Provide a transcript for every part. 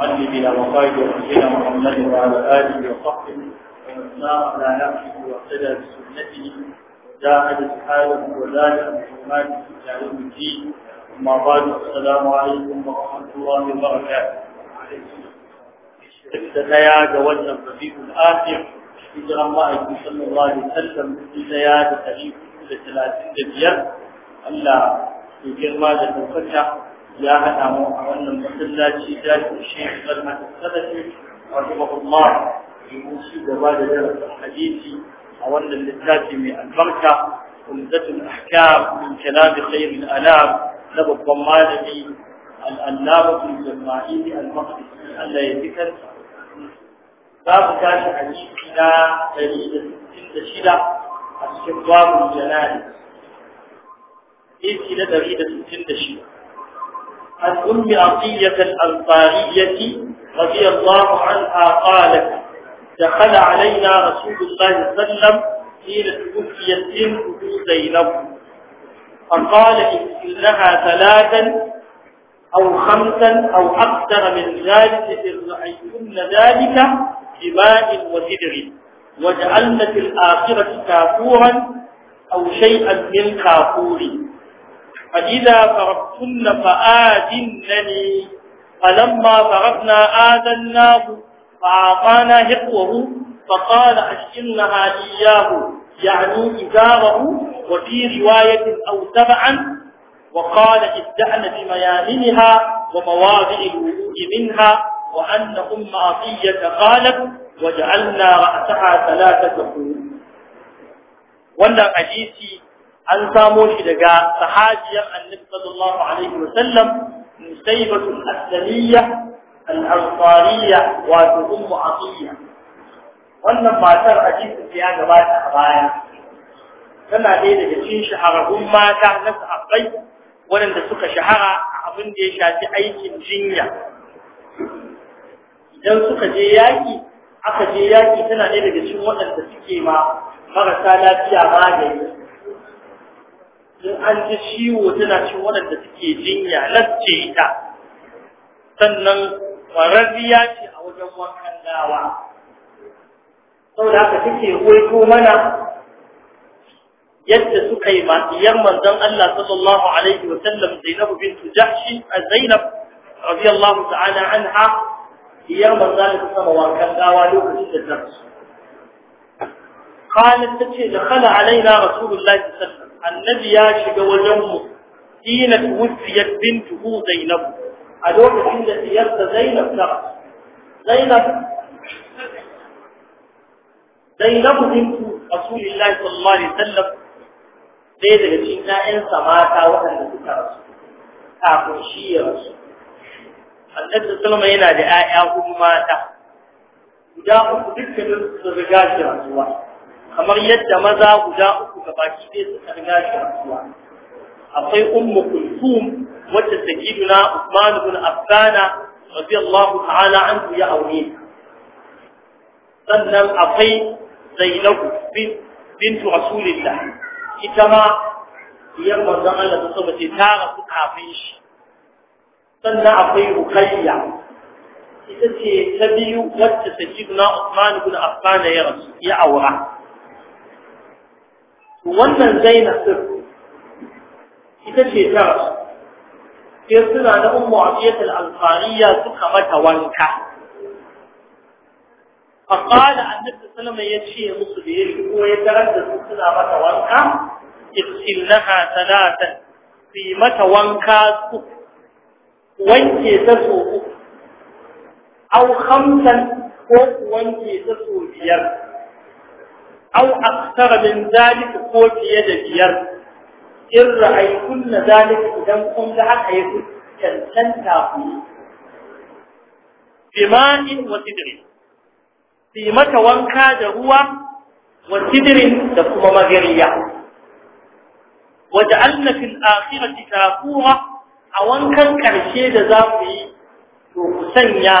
معلمنا وقائد رسولنا محمد وعلى اله وصحبه ومن سار على نفسه واهتدى بسنته وجاهد حاله وزاد بحرماته الى يوم الدين ثم بعد السلام عليكم ورحمه الله وبركاته ابتدايا جوزنا الربيع الاخر هجر الله صلى الله عليه وسلم ابتدايا تاريخ 35 الله يجرم هذا الفتح يا هدام أن المسلاتي ذات الشيخ غلمة السلفي رحمه الله يموسي جواد درس الحديث أو أن من البركة ومدة الأحكام من كلام خير الألام لبو الضمالي الألامة الجماعيل المقدسي ألا يذكر باب كاش علينا دليل التشيلة الشباب الجنائز إيه كده دليل التشيلة عن أم عطية الأنصارية رضي الله عنها قالت دخل علينا رسول الله صلى الله عليه وسلم حين توفيت بنت زينب فقال إنها ثلاثا أو خمسا أو أكثر من ذلك إن رأيتن ذلك بماء وسدر وجعلنا في الآخرة كافورا أو شيئا من كافور فإذا فرغتن فآذنني فلما فرغنا آذناه فأعطانا حقوه فقال أشئنها إياه يعني إزاره وفي رواية أو تبعا وقال ابدعن بميامنها ومواضع الوجود منها وأن أم عطية قالت وجعلنا رأسها ثلاثة قلوب wannan hadisi an samo shi daga sahajiyar annabi sallallahu alaihi wa sallam musaibatul al-ansariyya wa ummu atiyya wannan matar a cikin ya gabata a baya tana ɗaya daga cikin shahararrun mata na sahabbai waɗanda suka shahara a abin da ya shafi aikin jinya idan suka je yaƙi aka je yaƙi tana daya daga cikin waɗanda suke ma marasa lafiya magani in an ji ciwo tana ci waɗanda suke jinya lasce ita sannan ƙwararriya ce a wajen wankan dawa saboda haka take waito mana yadda suka yi matiyar manzon Allah sallallahu alaihi wa sallam Zainabu bintu Jahsh Zainab radiyallahu ta'ala anha diyar manzon Allah sama wankan dawa lokacin da ta قالت تتشي دخل علينا رسول الله صلى الله عليه وسلم annabi ya shiga wajenmu. mu ina tuwfiyat bintuhu zainab a lokacin da diyarta zainab ta zainab zainab bintu rasulullahi sallallahu alaihi wasallam ɗaya daga cikin ƴaƴansa mata waɗanda suka rasu kafin shi ya rasu annabi sallallahu yana da ƴaƴa kuma mata guda uku dukkanin su riga shi rasuwa kamar yadda maza guda uku gabaki ɗaya suka riga shi rasuwa akwai ummu kulthum wacce sayyiduna Usman ibn Affan radiyallahu ta'ala anhu ya aure sannan akwai Zainabu bintu Rasulillah ita ma diyar manzon Allah ta saba ce ta rasu kafin shi sannan akwai Ruqayya ita ce ta biyu wacce sayyiduna Usman ibn Affan ya rasu ya aura wannan zainab din ita ce ta rasu sai suna na ummu afiyatul alfariya suka mata wanka faqala annabi ya yace musu da yake ko ya tarar da su suna mata wanka ibsilaha talatan fi mata wanka su wanke ta so ku. khamsan ko wanke ta so biyar أو أكثر من ذلك هو في يد بيار إن رأيكن ذلك دمكم لحد أيكن كالسن تاقوي بماء وسدر في متى وانكا دروا وسدر دكما مغريا وجعلنا في الآخرة كافورا أوانكا كرشيد ذاقوي وسنيا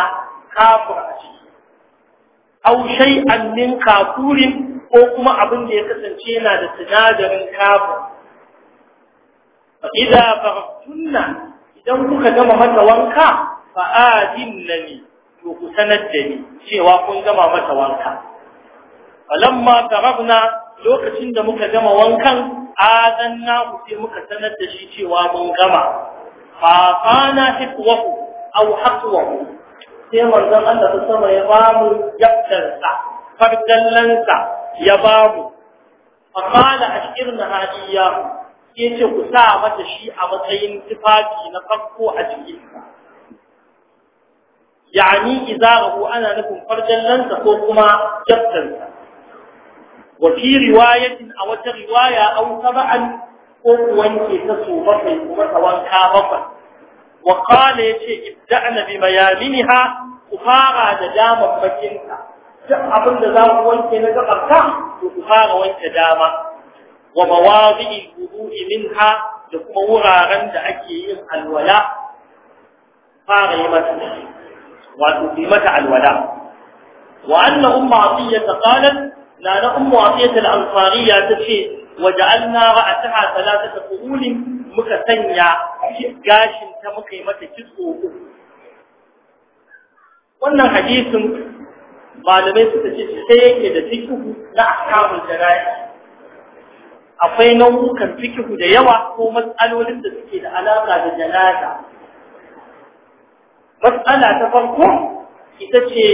كافر أو شيئا من كافور ko kuma abin da ya kasance yana da sinadarin kafin idza faghtunna idan kuka gama mata wanka fa adinnani to ku sanar da ni cewa kun gama mata wanka falamma faghna lokacin da muka gama wankan adanna ku sai muka sanar da shi cewa mun gama fa kana hikwahu aw haqwahu sai manzon Allah ta sama ya bamu yaktarsa fardallansa ya ba mu faqala ashirna hadiya yace ku sa mata shi a matsayin tufafi na farko a jikinsa yani izarahu ana nufin farjallansa ko kuma jabtansa wa fi riwayatin a wata riwaya aw sab'an ko wanke ta so bakwai kuma ta wanka bakwai wa qala yace ibda'na bi mayaminha ku fara da damar bakinta. duk abin da za ku wanke na gabarka to ku fara wanke dama wa mawadi'i wudu'i minha da kuma wuraren da ake yin alwala fara yi mata wato yi mata alwala wa anna umma atiyya qalat la na ummu atiyya al-ansariya tace waja'alna ra'ataha thalathata qulin muka sanya gashin ta muka yi mata kitso wannan hadisin malamai suka ce sai yake da fikihu na ahkamul jara'i akwai nau'ukan fikihu da yawa ko matsalolin da suke da alaƙa da janaza matsala ta farko ita ce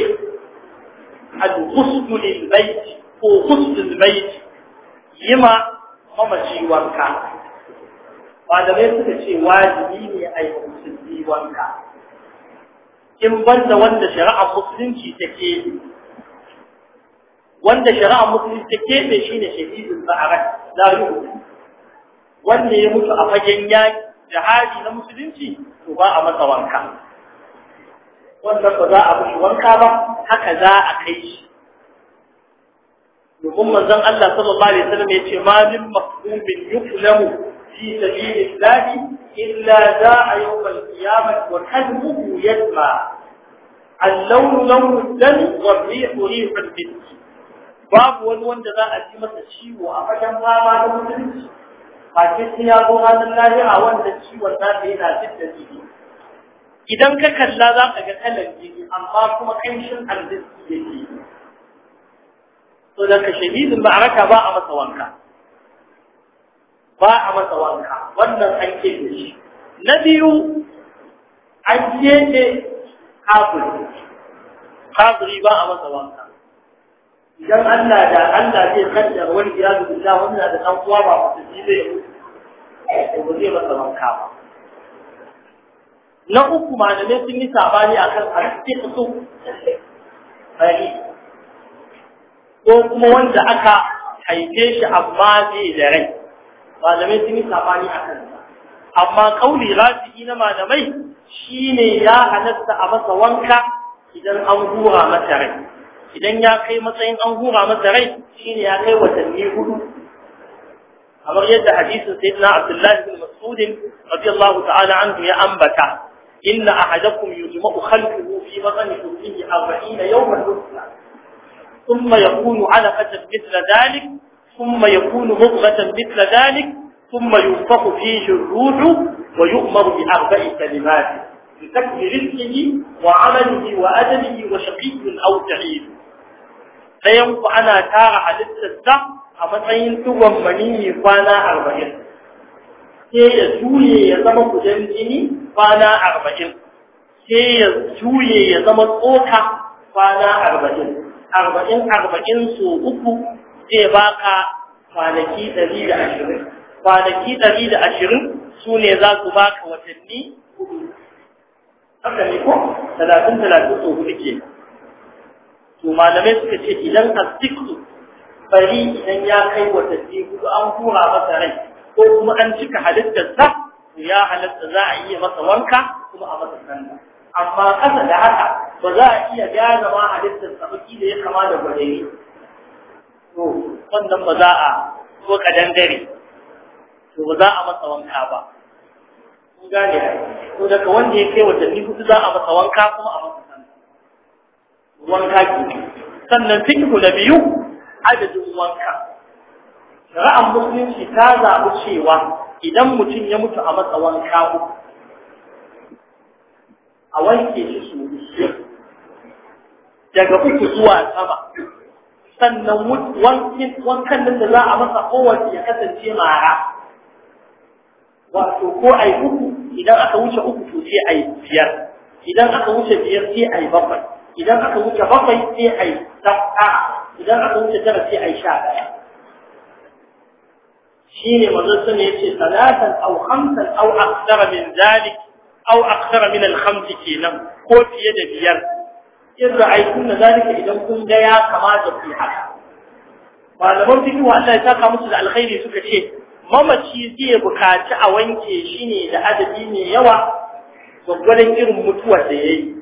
al-ghusl bayt ko ghusl bayt yima mamaci wanka malamai suka ce wajibi ne a yi musulmi wanka in banda wanda shari'a musulunci take wanda shari'a musulunci ta keɓe shi ne shahidin ba'arar zaru wanda ya mutu a fagen yaƙi jihadi na musulunci to ba a masa wanka wannan ba za a mushi wanka ba haka za a kai shi domin manzon Allah sallallahu alaihi wasallam ce ma min maqdumin yuklamu fi sabilillah illa za'a yawm al-qiyamah wa kalbuhu yadma اللون لون الدم والريح ريح المسك babu wani wanda za a ji masa ciwo a fagen fama da mutunci bakin sai ya zo ranar a wanda ciwon yi na jin da jiki idan ka kalla za ka ga kalan jiki amma kuma kanshin arziki ke. to da ka shahidin ma'araka ba a masa wanka ba a masa wanka wannan an keɓe shi na biyu an ne kafiri kafiri ba a masa wanka idan Allah da Allah zai kaddara wani iyadu billah wannan da dan uwa ba mutum zai mutu eh, ba zai masa wanka ba na uku malamai sun yi sabani akan al-fiqhu bari ko kuma wanda aka haife shi amma zai da rai malamai sun yi sabani akan amma kauli rafi'i na malamai shine ya halatta a masa wanka idan an hura masa rai idan ya kai matsayin an hura masa rai shine ya kai watanni hudu kamar yadda hadisin sayyidina Abdullahi bin Mas'ud radiyallahu ta'ala anhu ya ambata inna ahadakum yujma'u khalquhu fi batni ummihi 40 yawman ثم يكون علقة مثل ذلك ثم يكون مضغة مثل ذلك ثم ينفخ فيه الروح ويؤمر بأربع كلمات بتكبير رزقه وعمله وأدبه وشقي أو سعيد ɗayan ku ana tara halittarsa a matsayin tugon maniyyi kwana arba'in sai ya juye ya zama kudan jini kwana arba'in sai ya juye ya zama tsoka kwana arba'in arba'in arba'in so uku zai baka kwanaki ɗari da ashirin kwanaki ɗari da ashirin su ne za su baka watanni hudu haka ne ko talatin talatin so hudu ke to malamai suka ce idan asdiku bari idan ya kai wata hudu an kura masa rai ko kuma an cika halittarsa ya halatta za a iya masa wanka kuma a masa sanda amma kasa da haka ba za a iya gyara ma halittar ba da ya kama da gwadayi to wannan ba za a ko kadan dare to ba za a masa wanka ba kun gane ko daga wanda ya kai wata hudu za a masa wanka kuma a masa wanka ke sannan fikihu na biyu adadin wanka ra'an musulunci ta zaɓi cewa idan mutum ya mutu a matsa wanka uku a wanke shi su daga uku zuwa sama sannan wankan nan da za a masa kowace ya kasance mara wato ko a yi uku idan aka wuce uku to sai a yi biyar idan aka wuce biyar sai a yi bakwai idan aka wuce bakwai sai a yi idan aka wuce tara sai a yi sha ɗaya shi ne mazan suna ya ce talatan au hamsan au aksara min zalik au aksara min alhamsi kenan ko fiye da biyar in ra'aikun na zalika idan kun ga ya kamata ku haka malaman fikihu Allah ya saka musu da alkhairi suka ce mamaci zai buƙaci a wanke shi ne da adadi mai yawa gwaggwadon irin mutuwar da ya yi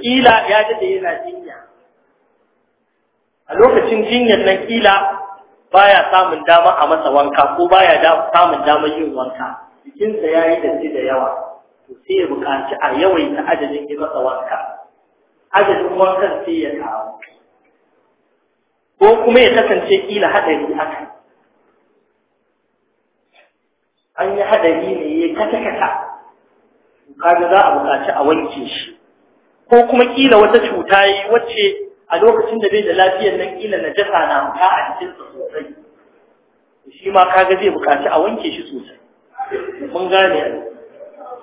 kila ya dade yana jinya a lokacin jinyar nan kila baya samun dama a masa wanka ko baya samun dama yin wanka jikinsa ya yi datti da yawa to sai ya buƙaci a yawaita adadin yi masa wanka adadin wankan sai ya kawo ko kuma ya kasance kila haɗari aka? an yi haɗari ne ya kata kata kaga za a buƙaci a wanke shi ko kuma kila wata cuta yi wacce a lokacin da bai da lafiyar nan kila najasa na amfa a cikin sa sosai shi ma kaga zai bukaci a wanke shi sosai mun gane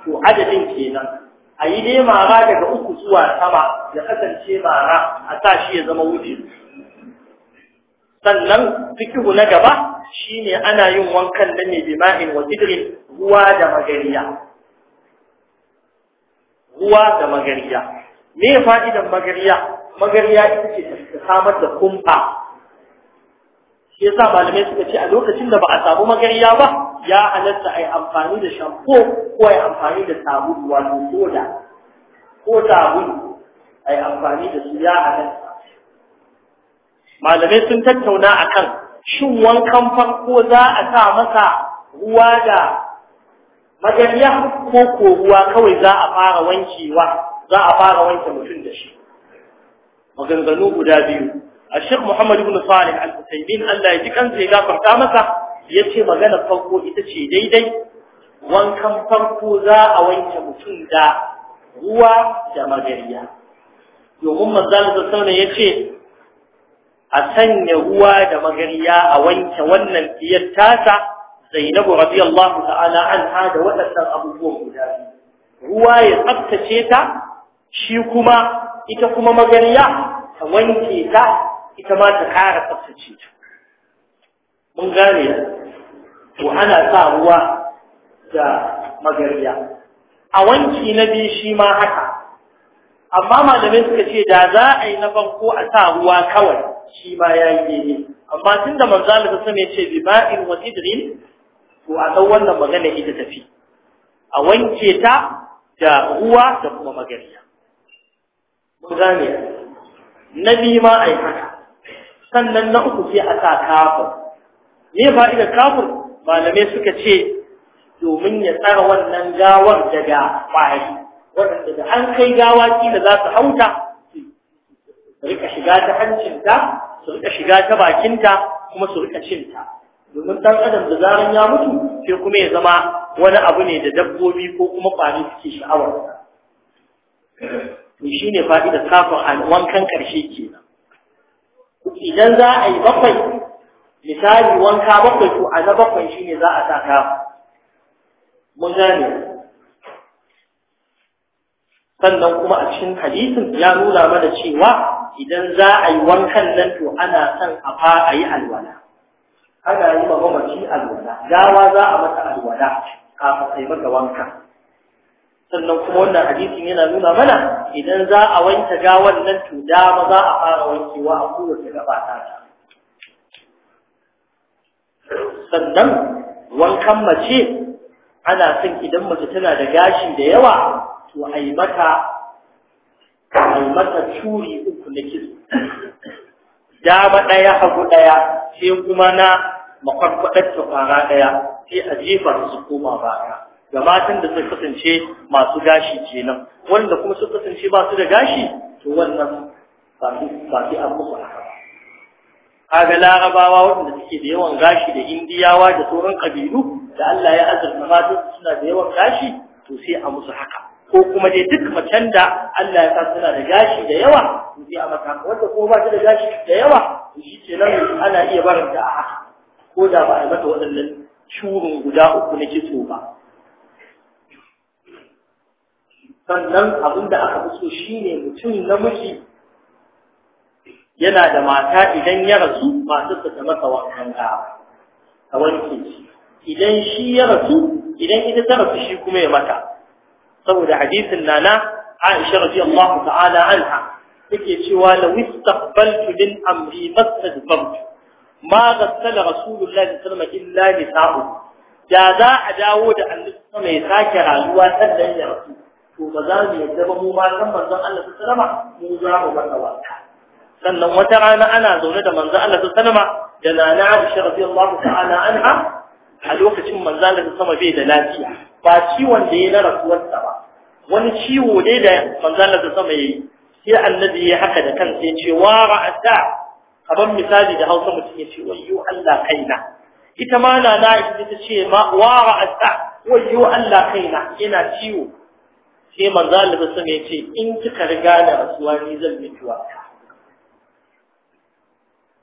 to adadin kenan a yi dai mara daga uku zuwa sama ya kasance mara a sa shi ya zama wuce sannan fikihu na gaba shine ana yin wankan da ne bima'in wa sidrin ruwa da magariya ruwa da magariya me fa'idan magariya magariya ita ce ta samar da kumfa shi yasa malamai suka ce a lokacin da ba a samu magariya ba ya halatta ai amfani da shampo ko ai amfani da sabulu wato soda ko sabulu ai amfani da su ya halatta malamai sun tattauna akan shin wankan farko za a sa masa ruwa da magariya ko ko ruwa kawai za a fara wankewa za a fara wanke mutum da shi maganganu guda biyu a shek Muhammadu ibn salih al-husaymin allah ya ji kansa ya gafarta masa ya ce magana farko ita ce daidai wankan farko za a wanke mutum da ruwa da magariya domin manzalin sassauna ya ce a sanya ruwa da magariya a wanke wannan fiyar tasa zainabu radiyallahu ta'ala an da waɗannan abubuwan guda biyu ruwa ya tsabtace ta shi kuma ita kuma magariya ta wanke ta ita ma ta kara tsaftace ta mun gane to ana sa ruwa da magariya a wanki na biyu shi ma haka amma malamai suka ce da za a yi na farko a sa ruwa kawai shi ma ya yi daidai amma tun da manzo ta sun ce bi in wasi dirin to a ɗau wannan magana ita tafi a wanke ta da ruwa da kuma magariya mun na biyu ma yi haka sannan na uku sai a sa kafin. me fa'ida kafir malamai suka ce domin ya tsara wannan gawar daga ƙwari, waɗanda da an kai gawa da za su hauta su rika shiga ta hancinta su rika shiga ta bakinta kuma su rika cinta domin ɗan adam da zaran ya mutu sai kuma ya zama wani abu ne da dabbobi ko kuma ƙwari suke sha'awar to shine fa'ida kafin wankan ƙarshe ke nan. idan za a yi bakwai misali wanka bakwai ko a na bakwai shine za a sa kafa mun gane sannan kuma a cikin hadisin ya nuna mana cewa idan za a yi wankan nan to ana son a fa a yi alwala ana yi ma mamaci alwala gawa za a mata alwala kafin a yi mata wanka sannan kuma wannan hadisin yana nuna mana idan za a wanke gawan nan to dama za a fara wankewa a da gaba ta sannan wankan mace ana son idan mace tana da gashi da yawa to a yi mata a yi mata curi uku na kitso dama ɗaya hagu ɗaya sai kuma na makwakwaɗar ta fara ɗaya sai a jefa su koma baya ga matan da suka kasance masu gashi kenan wanda kuma suka kasance ba su da gashi to wannan ba su an musu haka kaga larabawa waɗanda suke da yawan gashi da indiyawa da sauran kabilu da Allah ya azurta matan suna da yawan gashi to sai a musu haka ko kuma dai duk macen da Allah ya sa suna da gashi da yawa to sai a mata wanda ko ba su da gashi da yawa to shi kenan ana iya barin ta a haka ko da ba a mata waɗannan shurin guda uku na kitso ba sannan abin da aka fi so shine mutum namiji yana da mata idan ya rasu masu su ta masa wankan gawa wanke shi idan shi ya rasu idan ita ta rasu shi kuma ya mata saboda hadisin nana Aisha radiyallahu ta'ala anha take cewa la wistaqbaltu min amri mastadbamtu ma ghassala rasulullahi sallallahu alaihi wasallam illa nisa'u da za a dawo da annabi mai sake rayuwa sallan ya rasu to ba za mu yadda ba mu matan manzon Allah su sanama mu za mu bar ba? sannan wata rana ana zaune da manzon Allah su sanama da nana Aisha radiyallahu ta'ala anha a lokacin manzon Allah su sama bai da lafiya ba ciwon da ya na rasuwarsa ba wani ciwo ne da manzon Allah su sama yayi sai annabi ya haka da kansa ya ce wa ra'ata kaban misali da Hausa mutum ya ce wayyo Allah kaina ita ma nana Aisha ta ce ma wa ra'ata wayyo Allah kaina ina ciwo sai manzo Allah sun ya in kika riga da rasuwa ni zan miki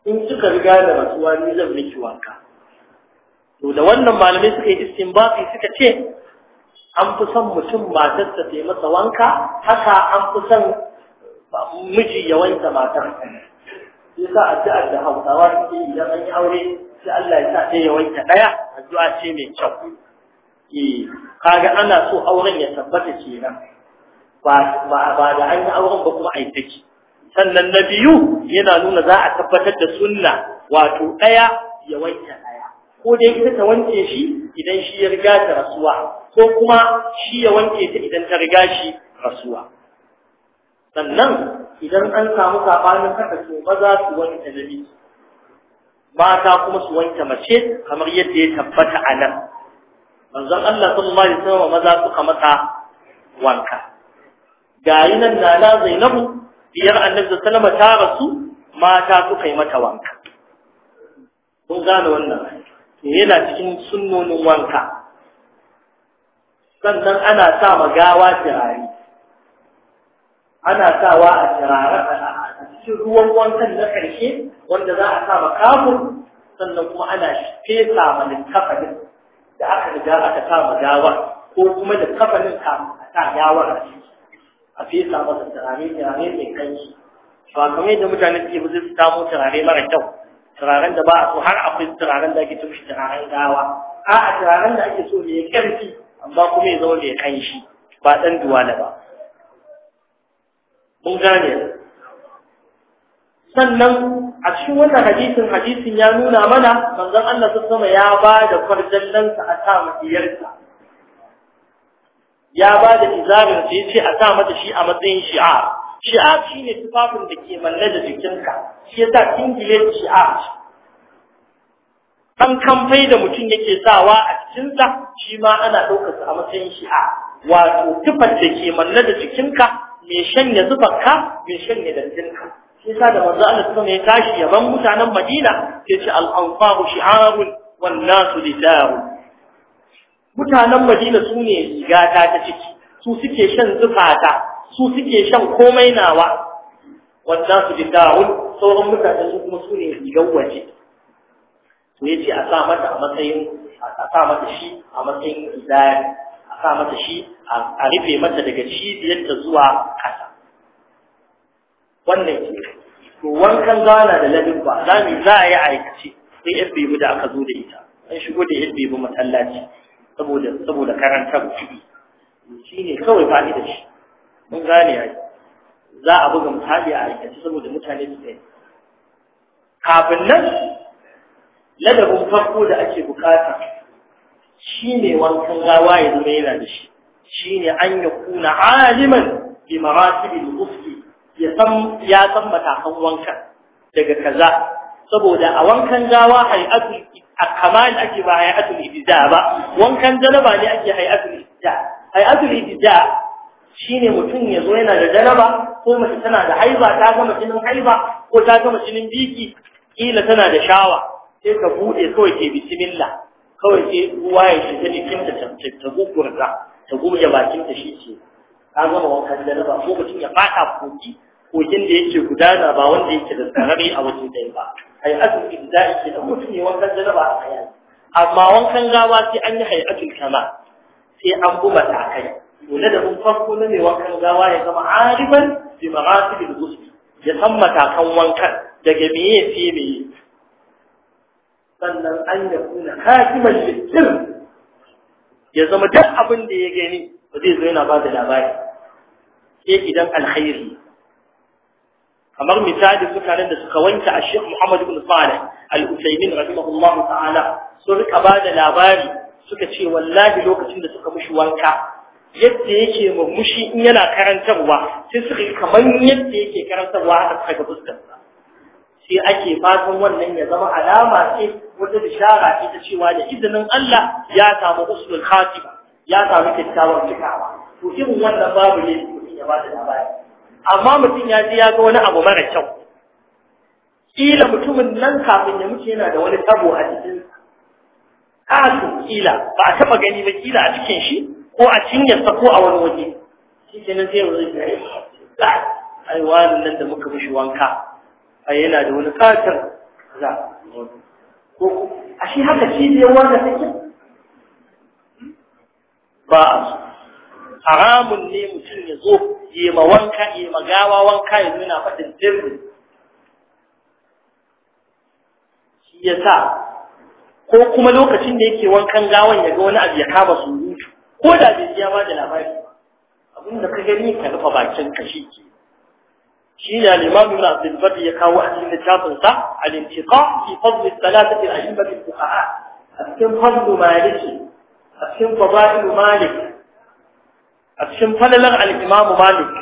in kika riga da rasuwa ni zan miki ka to da wannan malamai suka yi istinbati suka ce an fi son mutum matar ta yi masa wanka haka an fi son miji ya wanke matar yasa addu'a da Hausawa suke idan an yi aure sai Allah ya sa ɗaya ya wanke ɗaya addu'a ce mai kyau eh kaga ana so auren ya tabbata kenan ba ba da an auren ba kuma ai take sannan na biyu yana nuna za a tabbatar da sunna wato daya ya wanke daya ko dai ita ta wanke shi idan shi ya riga ta rasuwa ko kuma shi ya wanke ta idan ta riga shi rasuwa sannan idan an samu sabanin kada to maza su wanke namiji mata kuma su wanke mace kamar yadda ya tabbata a nan manzon Allah sallallahu alaihi wasallam maza suka masa wanka gayi nan da na Zainabu biyar annabi salama ta rasu mata suka yi mata wanka kun gane wannan eh, yana cikin sunnonin wanka sannan ana sa magawa turare ana sawa a turare a cikin ruwan wankan na ƙarshe wanda za a sa makafin sannan kuma ana fesa ma kafalin da aka riga aka sa ma gawa ko kuma da kafanin ka a sa gawa a ciki a fesa masa turare turare mai kanshi ba kamar yadda mutane suke ba su mu turare mara kyau turaren da ba a so har akwai turaren da ake tushe turaren gawa a'a turaren da ake so mai karfi amma kuma ya zama mai kanshi ba dan duwala ba mun gane sannan a cikin wannan hadisin hadisin ya nuna mana manzon Allah ta sama ya ba da farjallansa a sa mafiyarsa ya bada da izarin sa yace a sa mata shi a matsayin shi'a shi'a shine tufafin da ke manne da jikinka shi yasa kingile shi'a kan kamfai da mutum yake sawa a cikin sa shi ma ana daukar sa a matsayin shi'a wato tufar da ke manne da jikinka mai shanya zubarka mai shanya dantinka yasa da manzo Allah sun ya tashi yaban mutanen Madina sai ce al-anfaru shi'arun wan nasu lidaru mutanen Madina su ne gata ta ciki su suke shan zufata su suke shan komai nawa wanda su lidaru sauran mutane su kuma su ne rigar waje to yace a sa mata a matsayin a sa mata shi a matsayin idaya a sa mata shi a rufe mata daga yadda zuwa ƙasa wannan ne to wankan gana da ladin ba za mu za a yi aikace sai yan bebu da aka zo da ita an shigo da yan bebu matallaci saboda saboda ku shi ne kawai da shi mun gane ai za a buga misali a aikace saboda mutane su kai kafin nan ladabin farko da ake bukata shi ne wankan gawa ya zama yana da shi shi ne an yi kuna aliman bi maratibin ufki ya san ya san matakan wanka daga kaza saboda a wankan gawa a kamal ake ba hay'atul idda ba wankan dalaba ne ake hay'atul ibda hay'atul ibda shine mutum ya zo yana da dalaba, ko mace tana da haiba ta gama jinin haiba ko ta gama jinin biki kila tana da shawa sai ka bude kawai ke bismillah kawai sai ruwa ya shiga cikin ta gugurta ta gurje bakin ta shi ce ka ga wankan dalaba, ko mutum ya fata koki kogin da yake gudana ba wanda yake da tsarari a wajen dai ba hay'atul ibda'i ke da mutune ne wankan janaba a hayati amma wankan gawa sai an yi hay'atul kama sai an bi matakai dole da mun farko na mai wankan gawa ya zama ariban bi maghasibil ghusl ya san matakan wankan daga meye sai meye sannan an ya kuna katiman shirkin ya zama duk abin da ya gani ba zai zo yana ba da labari sai idan alkhairi kamar misali mutanen da suka wanke a Sheikh Muhammad ibn Salih al-Uthaymeen rahimahullahu ta'ala sun rika ba da labari suka ce wallahi lokacin da suka mushi wanka yadda yake murmushi in yana karantarwa sai suka yi kamar yadda yake karantarwa haka suka ga sa sai ake fatan wannan ya zama alama ce wata bishara ce ta cewa da izinin Allah ya samu usulul khatima ya samu kyakkyawar cikawa to irin wannan babu ne mutum ya ba da labari amma mutum ya je ya ga wani abu mara kyau kila mutumin nan kafin ya mutu yana da wani tabo a jikin kasu kila ba a taba gani ba kila a cikin shi ko a cinyarsa ko a wani waje shi ke nan sai ya wuce ai wani nan da muka mishi wanka A yana da wani katon za ko a shi haka cibiyar wanda take ba a so haramun ne mutum ya zo ya ma wanka ya ma gawa wanka ya nuna faɗin sirri shi ya sa ko kuma lokacin da yake wankan gawan ya ga wani abu ya kama mutu ko da bai ya ba da labari abin da ka gani ka rufe bakin kashi ke shi ne al-imam ibn abdul ya kawo a cikin littafin sa al-intiqa fi fadl thalathati al-a'immah al-fuqaha a cikin fadl maliki a cikin fadail malik a cikin falalar al-Imam Malik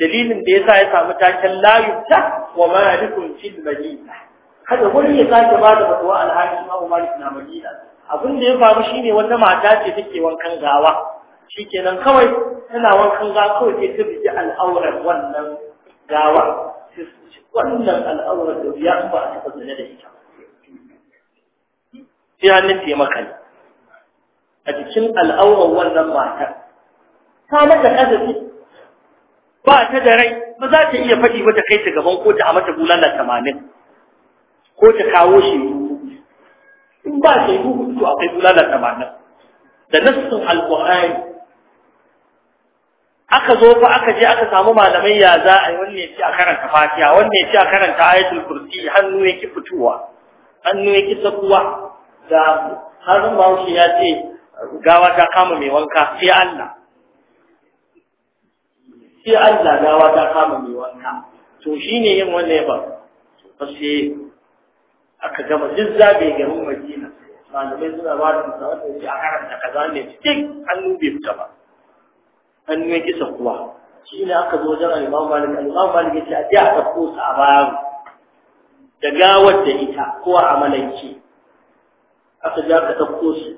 dalilin da yasa ya samu taken la yubta wa malikun fil madina kada wani ya sake ba da fatuwa alhaji Imam Malik na Madina abin da ya faru shine wata mata ce take wankan gawa shikenan kawai tana wankan gawa kawai ce ta biji al'auran wannan gawa wannan al'auran da ya ba a cikin da ita sai hannun taimaka ne a cikin al'auran wannan matar ta mata kazafi ba ta da rai ba za ta iya faɗi ba ta kai ta gaban ta a mata bulala tamanin ko ta kawo shaidu in ba shaidu hudu to akwai bulala tamanin da nassun alƙur'ani aka zo fa aka je aka samu malamai ya za a yi wanne ya ce a karanta fatiha wani ya ce a karanta ayatul kursi hannu yake fitowa hannu yake sakuwa da harin bahaushe ya ce gawa ta kama mai wanka sai Allah sai Allah zagawa ta kama mai wanka to shine yin wannan yaba ba sai aka gama duk zabe garin Madina malamai suna ba da misalan da shi a karanta kaza ne cikin hannu bai fita ba hannu ya kisa kuwa Shi ne aka zo wajen al malamai. Malik malamai Malik ya ce a ji a tafko su a bayan da gawar da ita ko a amalanci aka ji aka tafko su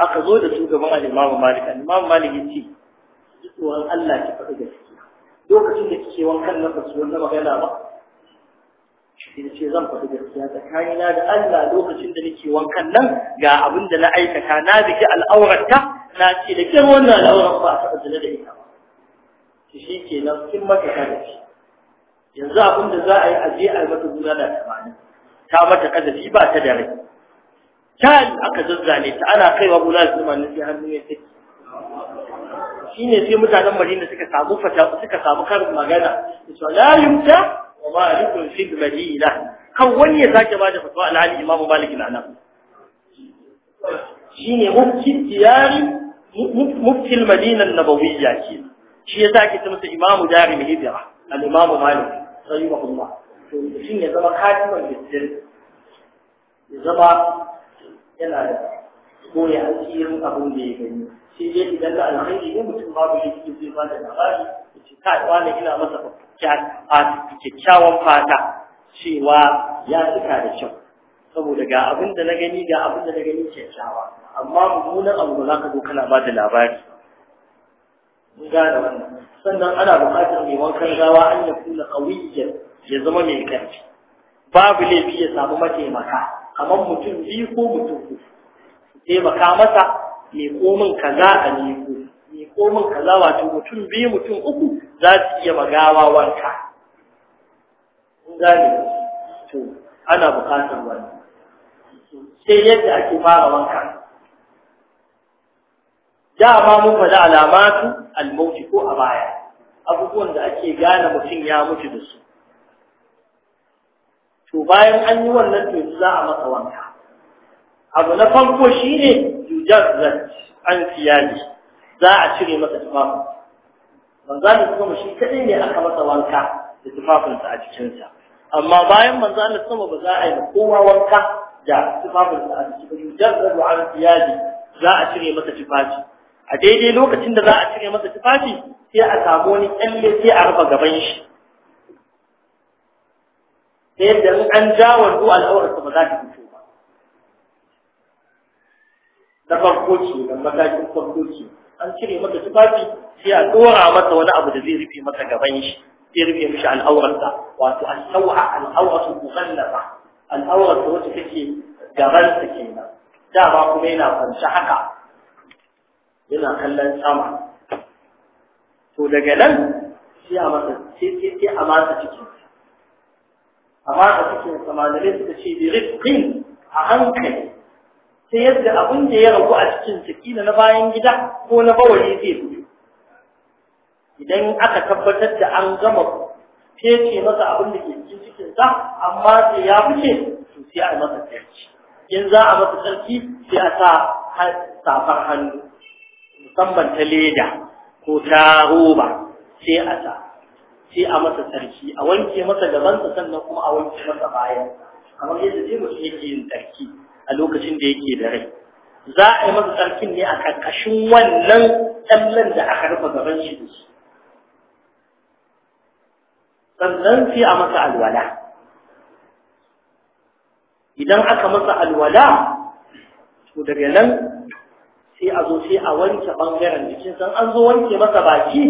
aka zo da su gaban al malamai. Malik malamai Malik ya ce Allah ki faɗi gaskiya lokacin da kike wankan nan ba su magana ba sai ce zan faɗi gaskiya tsakanina da Allah lokacin da nake wankan nan ga abin da na aikata na biki al'aurarta na ce da kin wannan al'aurar ba a taɓa zina da ita ba shi ke nan kin da shi. yanzu abin da za a yi aje a mata guna da tamanin ta mata kadafi ba ta da rai ta aka zazzane ta ana kaiwa guna da sai hannu ya take shine sai mutanen Madina suka samu fata suka samu karin magana to la yumta wa ma fi madina kan wani ya sake bada fatwa alhali Imam Malik na nan shine mufti diyari mufti madina an-Nabawiyya ke shi ya sake ta masa Imam Darim Hijra al-Imam Malik rahimahullah to shine zama katiban bidin zama yana da goya asirin abin da ya gani sai dai idan da alkhairi ne mutum babu yake zai ba da labari ya ce yi wani ina masa kyakkyawan fata cewa ya cika da kyau saboda ga abin da na gani ga abin da na gani kyakkyawa amma mummunan abu za ka zo kana ba da labari mun gane wannan sannan ana buƙatar mai wankan gawa an ya kula ƙawiyyar ya zama mai ƙarfi babu laifi ya samu mataimaka kamar mutum biyu ko mutum uku taimaka masa mai komin kaza a neko mai komin kaza wato mutum biyu mutum uku za su iya magawa wanka gane to ana bukatar wani sai yadda ake fara wanka dama mun faɗi alamatu almauti ko a baya abubuwan da ake gane mutum ya mutu da su to bayan an yi wannan to za a masa wanka abu na farko shine yujazzat an siyali za a cire masa tufafin manzalin sama shi kadai ne aka masa wanka da tufafinsa a cikinsa amma bayan manzalin sama ba za a yi kowa wanka da tufafinsa a cikin ba yujazzat an siyali za a cire masa tufafi a daidai lokacin da za a cire masa tufafi sai a samu wani kyalle sai a rufe gaban shi Sai yadda an ja wando al'aurarsa ba za ta fita na farko ce da matakin farko ce an cire mata tufafi sai a dora mata wani abu da zai rufe mata gaban shi zai rufe mishi al'aurarsa wato al-sawa al-auratu mughallaza al'aurarsa wacce take gaban sa kenan dama kuma yana kwance haka yana kallon sama to daga nan sai a masa sai sai sai a masa ciki a masa cikin samanin suka ce bi rizqin a hankali ta yadda abin da ya ragu a cikin sakina na bayan gida ko na bawari zai gudu. idan aka tabbatar da an gama fece masa abin da ke cikin cikin sa amma sai ya fice to sai a masa tsarki in za a masa tsarki sai a sa safar hannu musamman ta leda ko ta roba sai a sa sai a masa tsarki a wanke masa gabansa sannan kuma a wanke masa bayan kamar yadda sai mutum yake yin tsarki a lokacin da yake da rai za a yi masa tsarkin ne a ƙarƙashin wannan ƙyallen da aka rufe gaban shi da su sannan sai a masa alwala idan aka masa alwala to daga nan sai a zo sai a wanke bangaren jikin san an zo wanke masa baki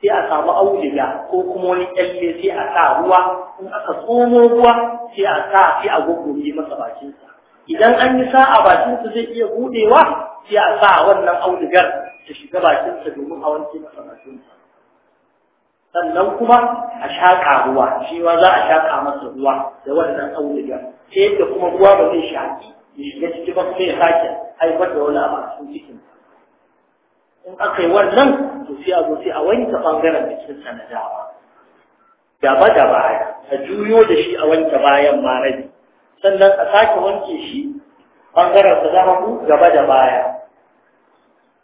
sai a samu auduga ko kuma wani kyalle sai a sa ruwa in aka tsomo ruwa sai a sa sai a gogoge masa bakinsa idan an yi sa'a bakin su zai iya budewa sai a sa wannan audugar ta shiga bakin sa domin a wanke masa bakin sa sannan kuma a shaƙa ruwa shi ma za a shaƙa masa ruwa da wannan audugar sai yadda kuma ruwa ba zai shaƙi ya shiga ciki ba sai ya sake haifar da wani abu a cikin cikin in aka yi wannan to sai a zo sai a wanke bangaren jikin sa sanadawa. Daba gaba da baya a juyo da shi a wanke bayan ma rabi sannan a sake wanke shi bangaren sa zama mu gaba da baya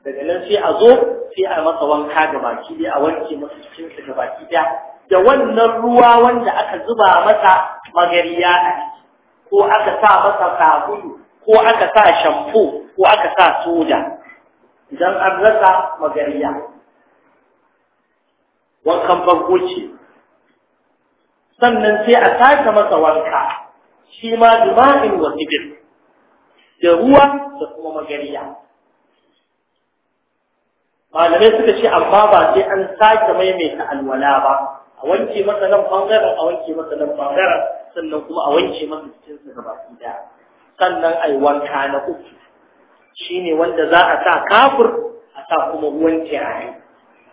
daga nan sai a zo sai a masa wanka ga baki dai a wanke masa cikin ga baki da da wannan ruwa wanda aka zuba masa magariya a ciki ko aka sa masa sabulu ko aka sa shampo ko aka sa soda idan an rasa magariya wankan farko ce sannan sai a sake masa wanka shi ma jima'in wa sibir da ruwa da kuma magariya malamai suka ce amma ba sai an sake maimaita alwala ba a wanke masa nan bangaren a wanke masa nan bangaren sannan kuma a wanke masa cikinsa gaba ɗaya sannan a yi wanka na uku shi ne wanda za a sa kafur a sa kuma ruwan kirare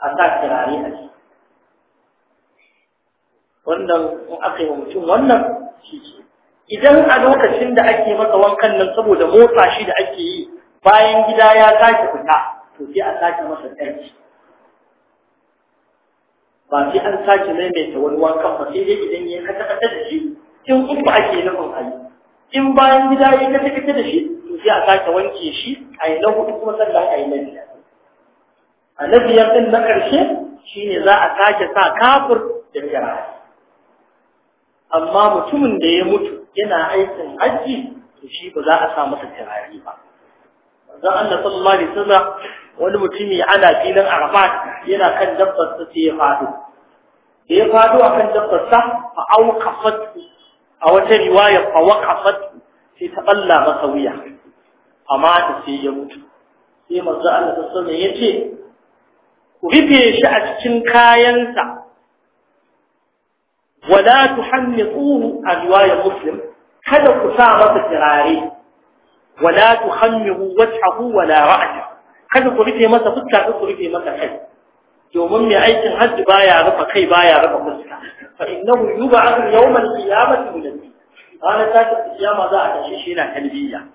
a sa kirare a ciki wannan in aka yi wa mutum wannan shi ke idan a lokacin da ake masa wankan nan saboda motsa shi da ake yi bayan gida ya sake fita to sai a sake masa tsarki ba sai an sake maimaita wani wankan ba sai dai idan ya kata kata da shi in uku ake nufin a yi in bayan gida ya kata kata da shi to sai a sake wanke shi a yi na hudu kuma sallah a yi na biyar a na biyar din na ƙarshe shine za a sake sa kafur da kira amma mutumin da ya mutu yana aikin hajji to shi ba za a sa masa turare ba manzon Allah sallallahu alaihi wasallam wani mutumi ana filin Arafat yana kan dabbar sa sai ya fado da ya fado akan dabbar sa fa auqafat a wata riwaya fa waqafat sai ta balla masa wuya amma ta sai ya mutu sai manzon Allah sallallahu alaihi wasallam yace ku rufe shi a cikin kayansa ولا تحمقوه الرواية مسلم هذا كثارة الزراري ولا تخمه وجهه ولا رأسه هذا طريقه ما تفتح هذا طريقه ما تفتح يوم أمي أيضا هد بايا ربا كي بايا ربا مسكا فإنه يبعث يوم القيامة من الدين هذا ذات القيامة ذات عشرين حلبية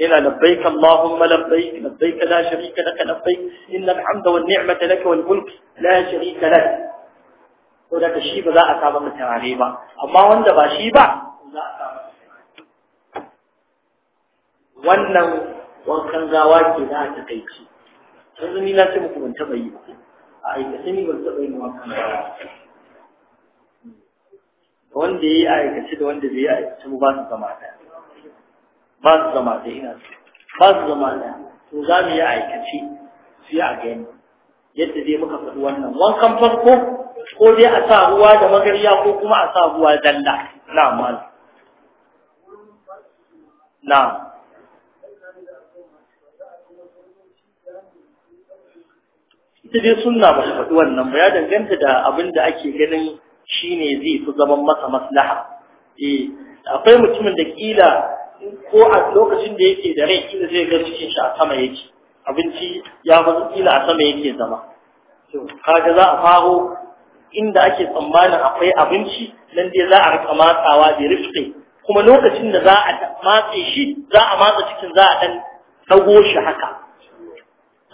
إلى لبيك اللهم لبيك لبيك لا شريك لك لبيك إن الحمد والنعمة لك والملك لا شريك لك ko da shi ba za a saba mu turare ba amma wanda ba shi ba za a saba wannan wankan gawa ke ta a ci yanzu ni na ce muku ban taɓa yi ba a aikace ni ban taɓa mu wankan gawa wanda ya yi aikace da wanda bai yi aikace ba su zama ɗaya ba su zama ɗaya ina ba su zama ɗaya to za mu yi aikace sai a gani yadda dai muka faɗi wannan wankan farko ko dai a sa ruwa da magariya ko kuma a sa ruwa zalla na mal na ita dai sunna ba su faɗi wannan ba ya danganta da abin da ake ganin shine zai fi zaman masa maslaha eh akwai mutumin da kila ko a lokacin da yake da rai kila zai ga cikin shi a sama yake abinci ya fi kila a sama yake zama to kaga za a faro inda ake tsammanin akwai abinci nan dai za a rika matsawa da rifqi kuma lokacin da za a matse shi za a matsa cikin za a dan dago shi haka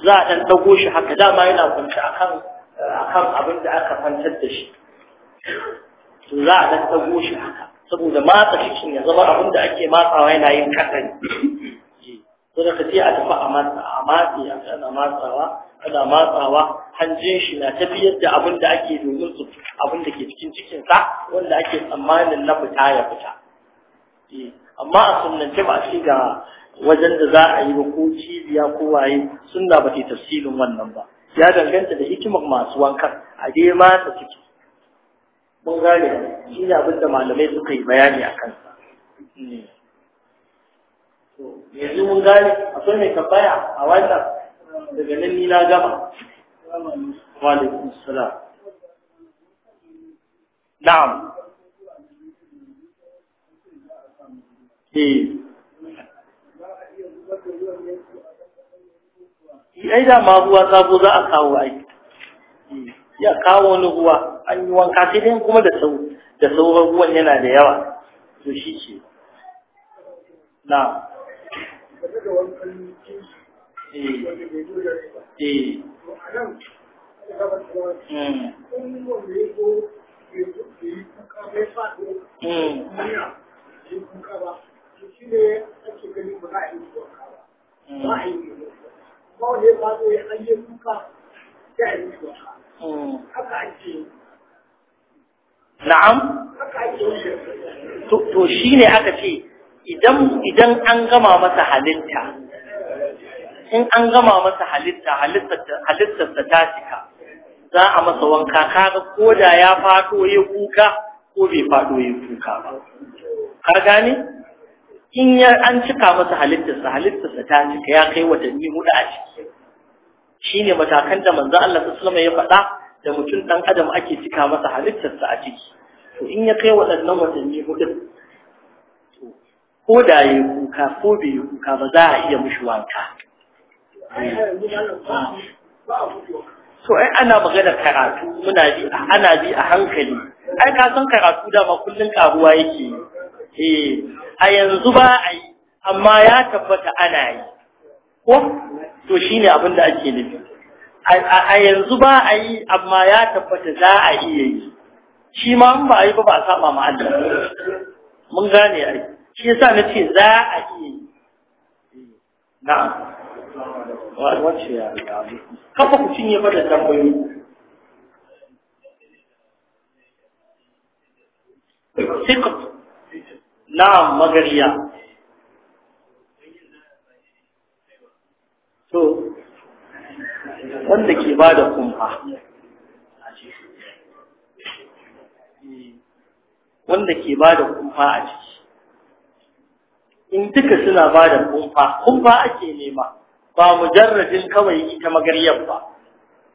za a dan dago shi haka dama yana kwanci akan akan abin da aka kwantar da shi to za a dan dago shi haka saboda matsa cikin ya zama abin da ake matsawa yana yin kasani wanda ka a tafi a matsa a matsi ana matsawa ana matsawa hanjin shi na tafiyar da abin da ake domin su abin da ke cikin cikin sa wanda ake tsammanin na fita ya fita eh, amma a sunnance ba shi ga wajen da za a yi ba ko cibiya ko waye sunna ba ta tafsirin wannan ba ya danganta da hikimar masu wankan a dai matsa ciki mun gane shi ne abin da malamai suka yi bayani a kansa hmm. yanzu mun gane akwai mai kafaya a wannan daga nan ni na gama wa na'am eh ai da ma ruwa zo za a kawo yi. Eh, ya kawo wani ruwa an yi wanka sai dai kuma da da sauran ruwan yana da yawa to shi ce na'am game Na'am? To shi ne aka ce, idan idan an gama masa halitta in an gama masa halitta halittarsa ta cika za a masa wanka kaga ko da ya fado ya kuka ko bai fado ya kuka ba ka gane in ya an cika masa halittarsa halittarsa ta cika ya kai watanni hudu a ciki shine matakan da manzo Allah sallallahu alaihi wasallam ya faɗa da mutum dan adam ake cika masa halittarsa a ciki to in ya kai waɗannan watanni hudu ko da ya kuka ko bai yi kuka ba za a iya mushi wanka so ai ana magana karatu muna bi ana bi a hankali ai ka san karatu da ma kullun karuwa yake eh a yanzu ba a yi amma ya tabbata ana yi ko to shine abin da ake nufi a yanzu ba a yi amma ya tabbata za a iya yi shi ma ba a yi ba ba a saba ma Allah mun gane ai shi yasa na ce za a iya yi na kafa ku cinye fa da tambayoyi sikat na magariya to wanda ke ba da kumfa wanda ke ba da kumfa a ciki in duka suna ba da kumfa kumfa ake nema ba mujarradin kawai ita magaryar ba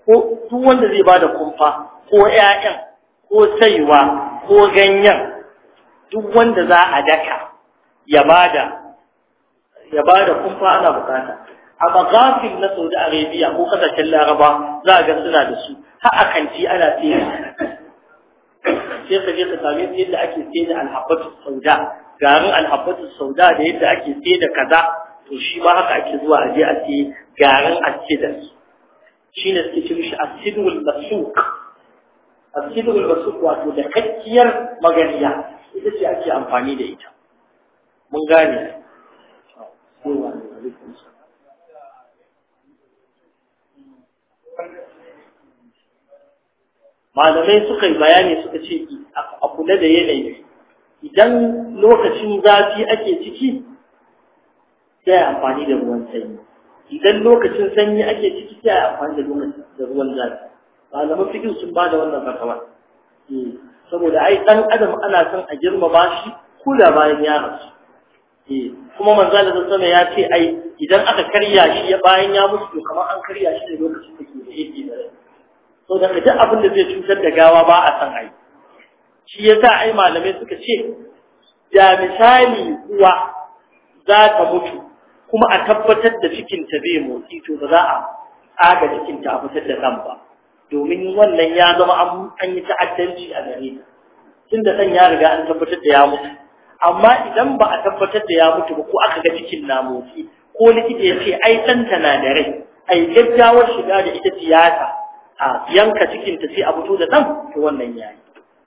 ko duk wanda zai ba da kumfa ko 'ya'yan, ko saiwa ko ganyen duk wanda za a daka ya ba da kumfa ana bukata a magafin na Saudi Arabia ko kasashen Laraba za a ga suna da su har a kanti ana tsaye sai ka je ka same yadda ake sayar da alhabbatu sauda garin alhabbatu sauda da yadda ake tse da kaza to shi ba haka ake zuwa aje a ce garin asidar shi ne suke cin shi asidul masuk asidul masuk wato da kakkiyar maganiya ita ce ake amfani da ita mun gane malamai suka yi bayani suka ce a kula da yanayi idan lokacin zafi ake ciki sai amfani da ruwan sanyi idan lokacin sanyi ake ciki sai amfani da ruwan zafi da fikin sun ba da wannan fatawa eh, saboda ai dan adam ana son a girmama shi ko da bayan ya rasu eh, kuma manzo da sama ya ce ai idan aka karya shi ya bayan ya mutu to kamar an karya shi da lokacin da ke da yake da so da duk abin da zai cutar da gawa ba a san ai shi yasa ai malamai suka ce da misali uwa za ta mutu kuma a tabbatar da cikinta zai motsi to ba za a aga cikinta a fitar da kan ba domin wannan ya zama an yi ta'addanci a gare ta tunda san ya riga an tabbatar da ya mutu amma idan ba a tabbatar da ya mutu ba ko aka ga cikin na motsi ko likita ya ce ai ɗan na da rai ai gaggawar shiga da ita tiyata a yanka cikinta sai a fito da nan, to wannan yayi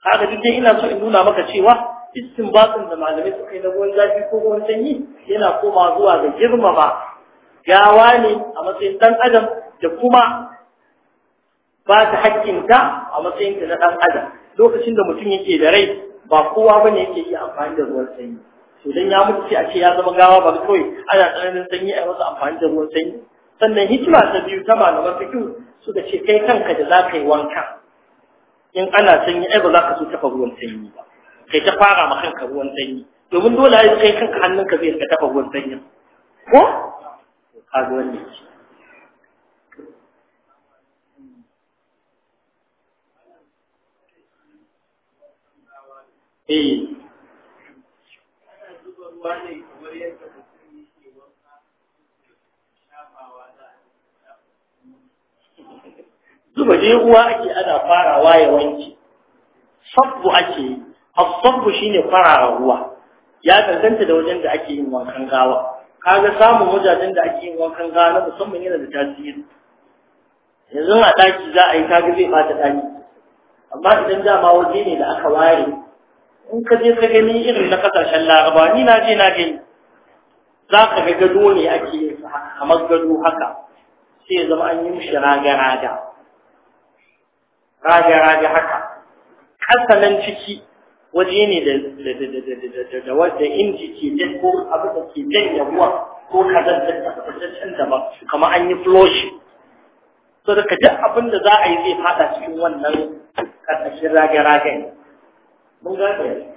haka duk dai ina so in nuna maka cewa istinbatsin da malamai suka yi na ruwan zafi ko ruwan sanyi yana koma zuwa ga girmama gawa ne a matsayin dan adam da kuma ba ta hakkinta a matsayin ta na dan adam lokacin da mutum yake da rai ba kowa ba ne yake yi amfani da ruwan sanyi to dan ya mutu a ce ya zama gawa ba kawai ana tsananin sanyi a wasu amfani da ruwan sanyi sannan hikima ta biyu ta malaman su suka ce kai kanka da za ka yi wanka in ana sanyi ai ba za ka so tafa ruwan sanyi ba kai ta fara ma kanka ruwan sanyi domin dole ai kai kanka hannunka zai ka tafa ruwan sanyi ko ka ga wannan eh zuba dai ruwa ake ana farawa ya wanke sabbu ake yi sabbu shine farara ruwa ya danganta da wajen da ake yin wankan gawa kaga samun wajajen da ake yin wankan gawa na musamman yana da tasiri yanzu a daki za a yi kaga zai bata daki amma idan dama waje ne da aka ware in ka je ka gani irin na kasashen laraba ni na je na gani za ka ga gado ne ake yin kamar gado haka sai zama an yi mishi raga-raga raja-raja haka kasalan ciki waje ne da wadda inji ke jan ko abu da ke jan yabuwa ko kazan da ta fitaccen da ba kamar an yi floshi so da duk abin da za a yi zai fada cikin wannan karkashin rage-rage ne mun gane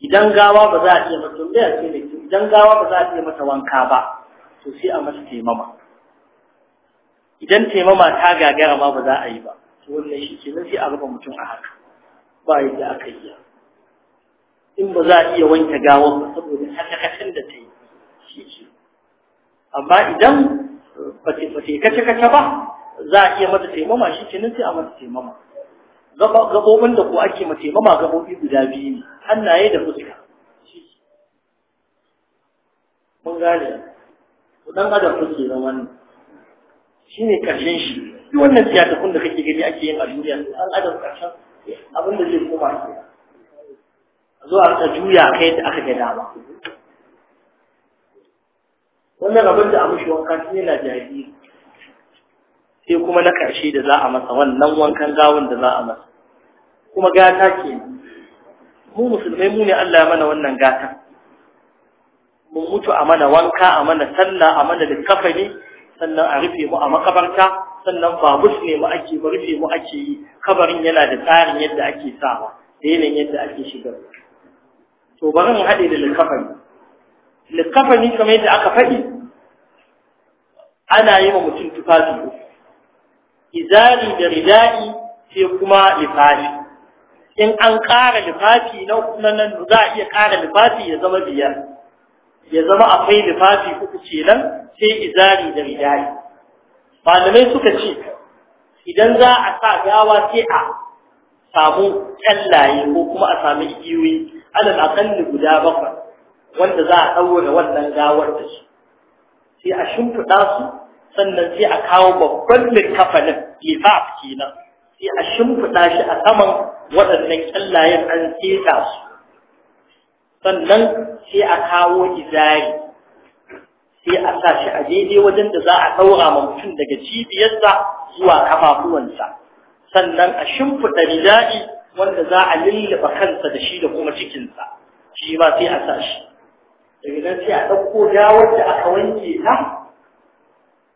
idan gawa ba za a iya mutum da ya ce da idan gawa ba za a iya mata wanka ba to sai a masa taimama idan taimama ta gagara ma ba za a yi ba to wannan shi nan sai a rufe mutum a haka ba yadda aka yi in ba za a iya wanke gawar ba saboda sakakacin da ta yi shi ce amma idan ba ta kace kace ba za a iya mata taimama shi nan sai a mata taimama gabobin da ko ake mata taimama gabobi guda biyu ne hannaye da fuska kun gane ku dan adam take nan wannan ne karshen shi duk wannan siyasa kun da kake gani ake yin a duniya dan adam karshen abin da zai koma A zo a ta juya kai da aka ga dama wannan abin da amushi wanka ne na jariri sai kuma na karshe da za a masa wannan wankan gawun da za a masa kuma gata ke mu musulmai mu ne Allah ya mana wannan gata mun mutu a mana wanka a mana sallah a mana likkafani sannan a rufe mu a makabarta sannan ba ne mu ake ba rufe mu ake yi kabarin yana da tsarin yadda ake sawa da yanayin yadda ake shigar to ba zan haɗe da likafani likafani kamar yadda aka faɗi ana yi wa mutum tufafi izari da ridai sai kuma lifafi in an ƙara lifafi na nan za a iya ƙara lifafi ya zama biyar ya zama akwai lifafi uku nan, sai izari da ridari malamai suka ce idan za a sa gawa sai a samu kallaye ko kuma a samu igiyoyi alal aqalli guda bakwai wanda za a ɗaura wannan gawar da shi. sai a shimfiɗa su sannan sai a kawo babban likafanin lifaf kenan sai a shimfiɗa shi a saman waɗannan ƙyallayen an tseta su sannan sai a kawo izari sai a sa shi a daidai wajen da za a ɗaura ma mutum daga cibiyarsa zuwa kafafuwansa sannan a shimfiɗa rizai wanda za a lullaba kansa da shi da kuma cikinsa shi ma sai a sa shi daga nan sai a ɗauko gawar da aka wanke ta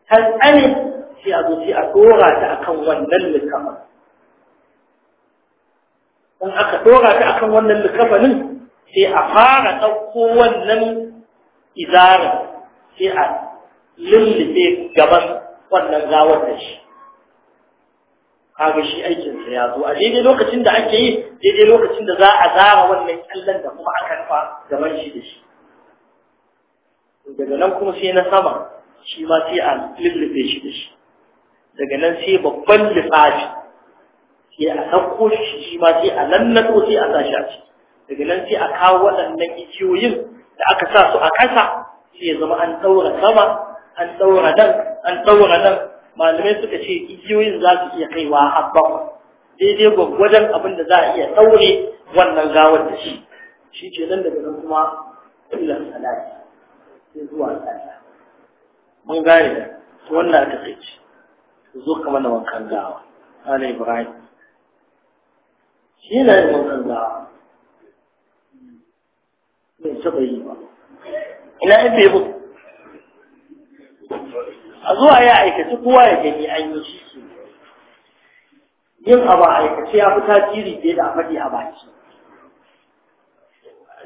kan sai a zo sai a ɗora ta akan wannan likafa in aka ɗora ta akan wannan likafanin sai a fara ɗauko wannan izarin sai a lullufe gaban wannan gawar da shi kaga shi aikinsa ya zo a daidai lokacin da ake yi daidai lokacin da za a zara wannan kallon da kuma aka rufa gaban shi da shi daga nan kuma sai na sama shi ma sai a lullufe shi da shi daga nan sai babban lifafi sai a sauko shi shi ma sai a lannato sai a sa shi a ciki daga nan sai a kawo waɗannan ikiyoyin da aka sa su a kasa sai ya zama an ɗaura sama an ɗaura nan an ɗaura nan malamai suka ce ikiyoyin za su iya kaiwa a bakwai daidai gwaggwajen abin da za a iya ɗaure wannan gawar da shi shi ce nan daga nan kuma illan salati sai zuwa sallah mun gane da su wannan aka sai zo kamar da wankan gawa ana ibrahim shi na yin wankan gawa bai taɓa yi ba ina a zuwa ya aikace kowa ya gani an yi shi ke yin abu aikace ya fi tasiri fiye da a faɗi a baki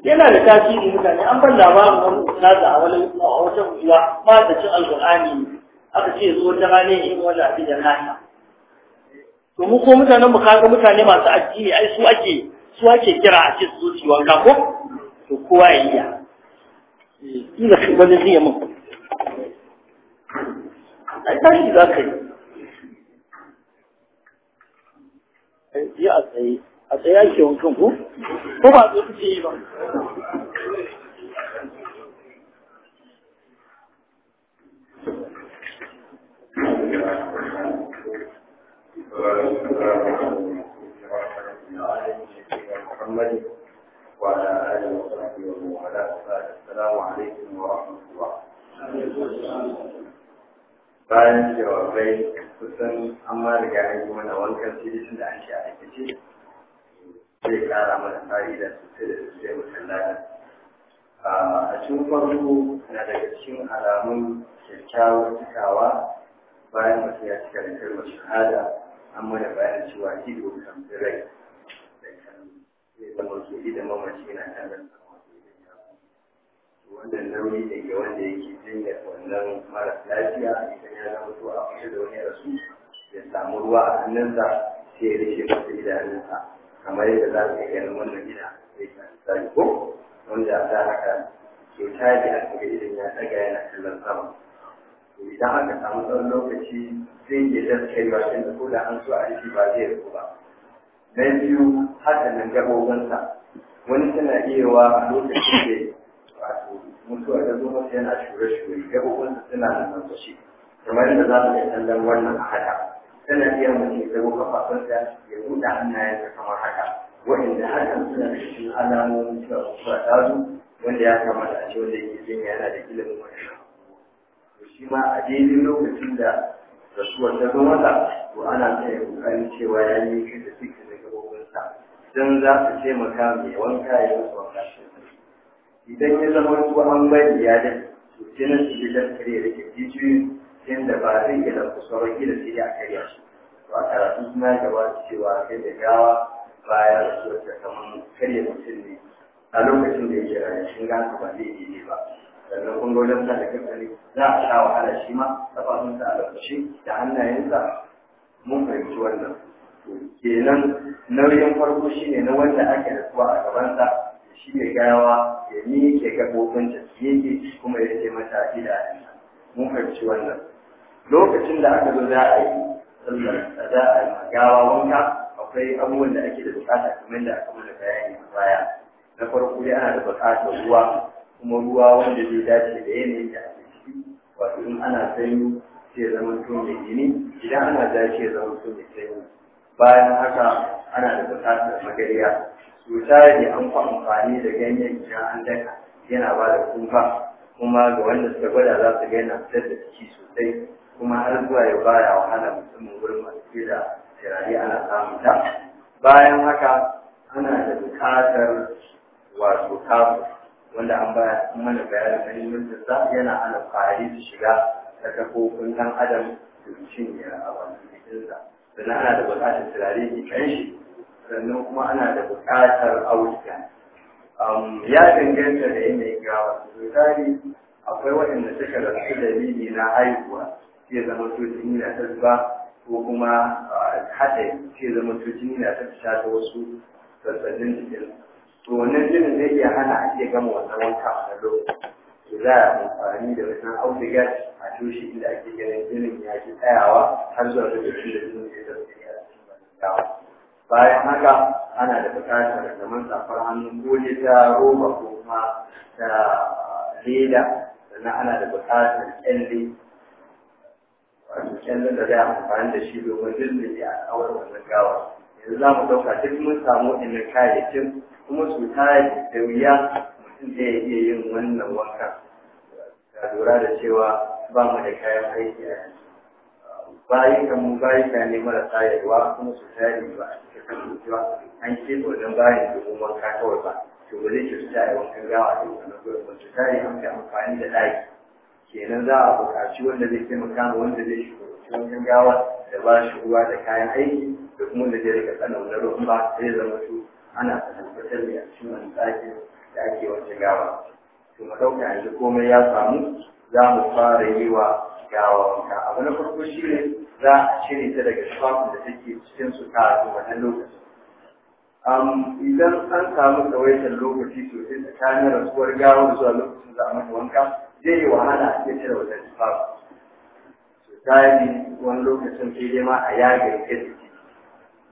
yana da tasiri mutane an ban labarin wani da a wani a wata unguwa ba da cin alqur'ani aka ce zuwa ta rane in wani abin da nasa to mu ko mutanen mu kaga mutane masu addini ai su ake su ake kira a cikin zuciwa wanka ko to kowa ya iya kila shi wani zai yi min a tashi za ka yi yi a tsaye a tsaye wankan ko ko ba kuke yi ba Thank you. وعلى آله وصحبه ومن السلام عليكم ورحمة الله bayan jawabai kusan an ma riga an yi mana wankan sirisin da ake a aikace zai kara mana fa'ida sosai da sosai musallata a cikin farko na daga cikin alamun kyakkyawar cikawa bayan mutum ya cika da kalmar shahada an mana bayan cewa ido kan rai zai zama su idan mamaci na tare wannan nauyi da ke wanda yake jinyar wannan mara lafiya idan ya zama to a kusa da wani rasu ya samu ruwa a hannunsa sai ya rike masa idanunsa kamar yadda za iya ganin wannan ina zai sami ko wanda ta haka cuta da aka ga idan ya daga yana kallon sama idan aka samu tsawon lokaci sai ya daskarewa tun da ko da an so a ba zai rabu ba na biyu haka gabobinsa wani suna iya wa a lokacin da wato mutuwa da zo masa yana shure-shure gabobinsa suna da mantashi kamar yadda za mu iya kallon wannan a haka tana iya mutum ya zama kafafunsa ya buɗe hannayensa kamar haka wa'inda hakan suna da cikin alamomin cewa mutuwa ta zo wanda ya kamata a ce wanda yake jin yana da ilimin wannan shi ma a daidai lokacin da rasuwar ta zo masa to ana ta yi ƙoƙarin cewa ya yi shi da suke wanka don za su taimaka mai wanka ya wasu wanka idan ya zama ruwa an bai ya da to jinin su gidan kare da ke jijiyoyin da ba zai iya ɗauka sauran gida sai a karya shi to a karatu suna gaba cewa kai da gawa baya da su da kamar karya mutum ne a lokacin da ya yake ga gasa ba zai yi ba sannan kun ga wajen da kankani za a sha wahala shi ma kafafunsa a lokaci da hannayensa mun fahimci wannan kenan nauyin farko shine na wanda ake rasuwa a gabansa shi ne gawa ya miƙe gaɓoɓin da yake kuma ya ce mata a gida mun fahimci wannan lokacin da aka zo za a yi sallar za a yi gawa wanka akwai abubuwan da ake da bukata kamar da aka mana bayani a baya na farko yana ana da bukatar ruwa kuma ruwa wanda zai dace da yanayin da ake ciki wato in ana sanyi sai zama tun mai gini idan ana zafi ya zama tun mai sanyi bayan haka ana da buƙatar magariya cuta ne an fi amfani da ganyen idan an yana ba da kumfa kuma ga wanda suka gwada za su gaina fitar da ciki sosai kuma har zuwa ya baya wahala musamman gurin masu da tirari ana samun ta bayan haka ana da buƙatar wato kafu, wanda an baya mana bayanin mahimmancin sa yana ana kwari su shiga ta kafofin ɗan adam da ya a wani sannan ana da buƙatar turare kan shi sannan kuma ana da buƙatar auduga ya danganta da yin yin gawa tari, akwai waɗanda suka rasu dalili na haihuwa ke zama su jini na tasba ko kuma haɗe ke zama su jini na tasba ta wasu sassanin jikin to wannan jinin zai iya hana a ke gama wannan wanka a lokacin za a amfani da wasan auduga a tushe inda ake ganin jinin ya ke tsayawa har zuwa lokacin da jinin ya zama ya bayan haka ana da buƙatar kamar safar hannun ko ta roba ko kuma ta leda sannan ana da buƙatar kyalle wato kyalle da za a amfani da shi domin zirgin a kawar wannan gawa yanzu za mu ɗauka duk mun samu waɗannan kayayyakin kuma su tare da wuya zai iya yin wannan wanka Ka lura da cewa ba mu da kayan aiki a yanzu bayan kamun bayuka ne marasa yalwa kuma su tari ba a cikin kan mutuwa an ce wannan bayan domin wanka kawai ba to ba zai kyauta a wankan gawa da wannan gurin ba su tari an fi amfani da ɗaki kenan za a buƙaci wanda zai taimaka ma wanda zai shugabanci wankan gawa da ba shi ruwa da kayan aiki da kuma da zai rika tsana wani ruwan ba zai zama su ana tabbatar da a cikin wani ɗakin da ake wace gawa to mu dauka yanzu komai ya samu za mu fara yi wa gawa wanka abu na farko shi ne za a cire ta daga shafin da take cikin su ta a wannan lokacin idan an samu tsawaitar lokaci sosai tsakanin rasuwar gawar zuwa lokacin za a mata wanka zai yi wahala a iya cire wannan ta yi wani lokacin sai dai ma a yagar ke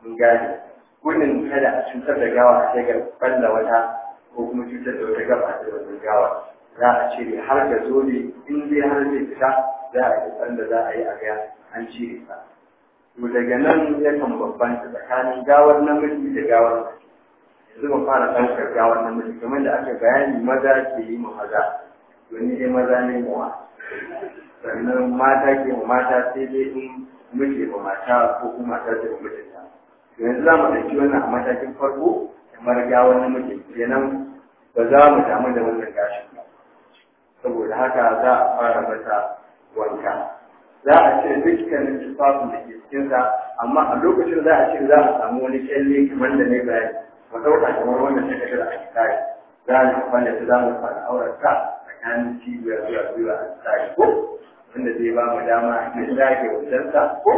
mun gani gudun kada a cutar da gawa a ga balla wata ko kuma cutar da wata gaba da wata gawa za a cire har da zobe in zai har zai fita za a yi tsanda za a yi a gaya an cire sa to daga nan yakan bambanta tsakanin gawar namiji da gawar mace yanzu ba fara ɗaukar gawar namiji kamar da aka bayani maza ke yi mu maza wani dai maza ne mawa sannan mata ke mu mata sai dai in miji ba mata ko kuma mata ce ba mijinta yanzu za mu ɗauki wannan a matakin farko kamar gawon namiji kenan ba za mu damu da wannan gashin ba saboda haka za a fara mata wanka za a cire dukkanin tufafin da ke sa amma a lokacin za a ce za a samu wani kyalle kamar da ne bayani ba ɗauka kamar wannan ta kashe da ake tsari za a yi kwanda za mu fara auren ta tsakanin cibiyar zuwa zuwa a tsari ko wanda zai ba mu dama a yi zage sa ko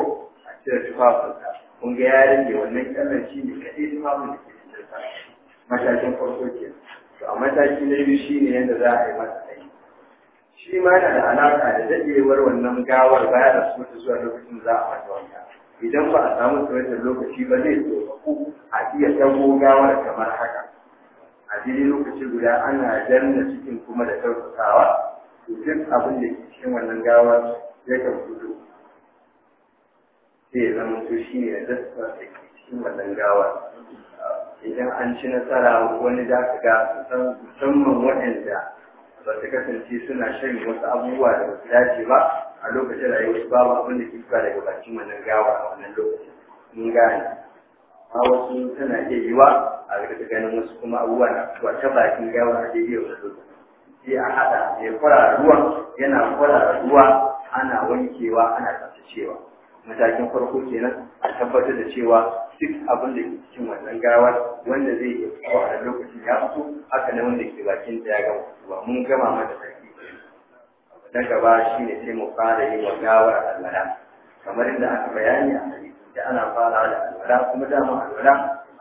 a cire sa kun ga yarin rage wannan kyallen shi ne kaɗai tufafin da matakin farko ke to a mataki na biyu shine yadda za a yi masa tsayi shi ma yana da alaƙa da daɗewar wannan gawar baya da su zuwa lokacin za a mata wanda idan ba a samu tsawaitar lokaci ba zai zo a iya ɗago gawar kamar haka a jini lokaci guda ana janna cikin kuma da kyautatawa to duk abin da ke cikin wannan gawar kan fito sai ya zama to shi ne da dasa cikin wannan gawar idan an ci nasara wani za ka ga musamman waɗanda ba su kasance suna shan wasu abubuwa da wasu dace ba a lokacin rayuwa, babu abin da ke fita daga bakin wannan gawa a wannan lokacin mun gane a wasu tana iya yiwa a rika ganin wasu kuma abubuwa na fitowa ta bakin gawa a daidai wasu lokacin sai a haɗa ya kwara ruwa yana kwara ruwa ana wankewa ana tsaftacewa matakin farko kenan a tabbatar da cewa duk abin da ke cikin wannan gawar wanda zai iya fitowa a lokacin ya fito haka nan wanda ke bakin ya gama fitowa mun gama mata sarki na gaba shi ne sai mu fara yi wa gawar alwala kamar inda aka bayani a hadisi da ana fara da alwala kuma dama alwala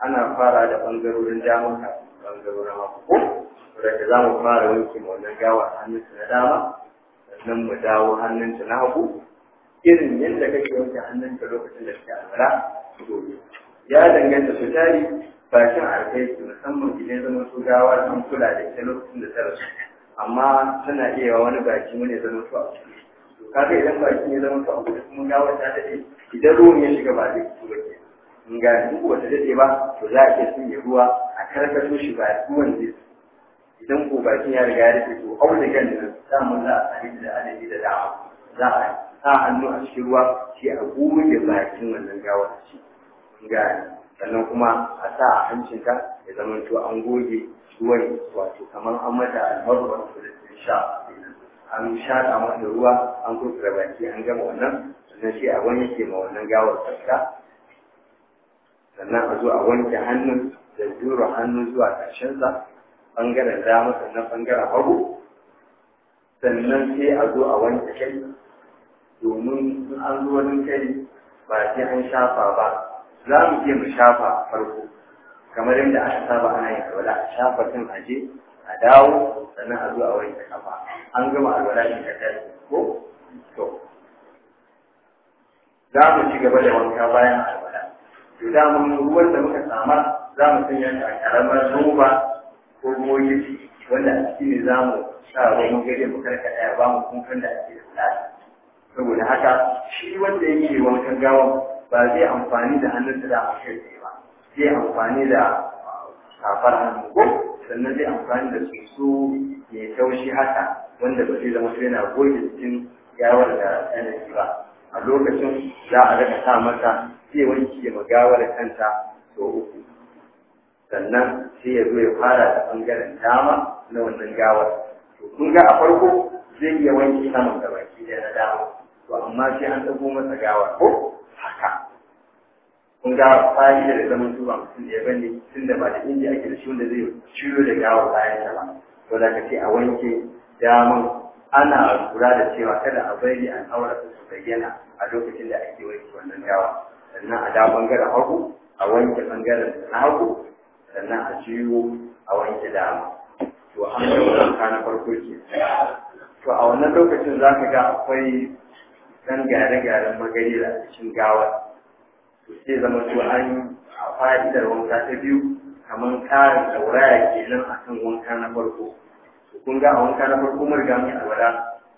ana fara da ɓangarorin dama kafin bangarorin hagu ko da za mu fara wanke wannan gawar hannunsa na dama sannan mu dawo hannunsa na hagu irin yadda kake wanke hannunka lokacin da kake alwala to ya danganta su tari bakin alkai su musamman idan zama su gawa sun kula da ita lokacin da ta rasu amma tana iya wani baki wani zama su a To kaga idan baki ne zama su a kudu kuma gawa ta daɗe idan ruwan ya shiga ba zai fito ba ke in ga duk wata daɗe ba to za a ke sun ruwa a karkato shi ba ruwan zai idan ko bakin ya riga ya rufe to audugan da samu za a sami da adadi da dama za a sa hannu a cikin ruwa shi a goma da bakin wannan gawar ciki gani sannan kuma a sa a hancinta ya zama to an goge ruwan wato kamar an mata a kulitin sha an shaɗa mata ruwa an kurkura baki an gama wannan sannan sai a ke ma wannan gawar tsafta sannan a zo a wanke hannun da jura hannun zuwa ƙarshensa ɓangaren dama sannan ɓangaren hagu sannan sai a zo a wanke kai domin an zo wani kai ba sai an shafa ba za mu iya mu shafa a farko kamar yadda aka saba ana yin alwala a shafa tun aje a dawo sannan a zo a kafa an gama alwala shi ka ko to za mu ci gaba da wanka bayan alwala to da mun ruwan da muka sama za mu sanya ta a karamar roba ko bokiti wanda a ciki ne za mu sa ruwan gare mu karkata ya ba mu kunkan da ake da saboda haka shi wanda yake wankan gawa ba zai amfani da hannunsa da a kai ba zai amfani da kafar ah, hannu ko sannan zai amfani da soso mai taushi haka wanda ba zai zama yana goge cikin gawar da tsanaki ba a lokacin za a daga sa masa sai wanke magawar kanta so uku sannan sai ya zo ya fara da bangaren dama na wannan gawar to kun ga a farko zai iya wanke saman gabaki da na dama to amma sai an ɗago masa gawar ko haka kun ga fa'ida zaman zuwa mutum da ya bane tun da ba da inda ake da shi wanda zai ciwo da gawa bayan ta ba to ka ce a wanke daman ana lura da cewa kada a bari an aura su bayyana a lokacin da ake wanke wannan gawa sannan a da bangaren hagu a wanke bangaren na hagu sannan a ciwo a wanke dama to an yi kana farko ke to a wannan lokacin za ka ga akwai dan gyare-gyaren magani da cikin gawa to sai zama to an fa'idar wanka ta biyu kamar karin dauraya kenan akan wanka na farko to kun ga a wanka na farko mun riga mun alwala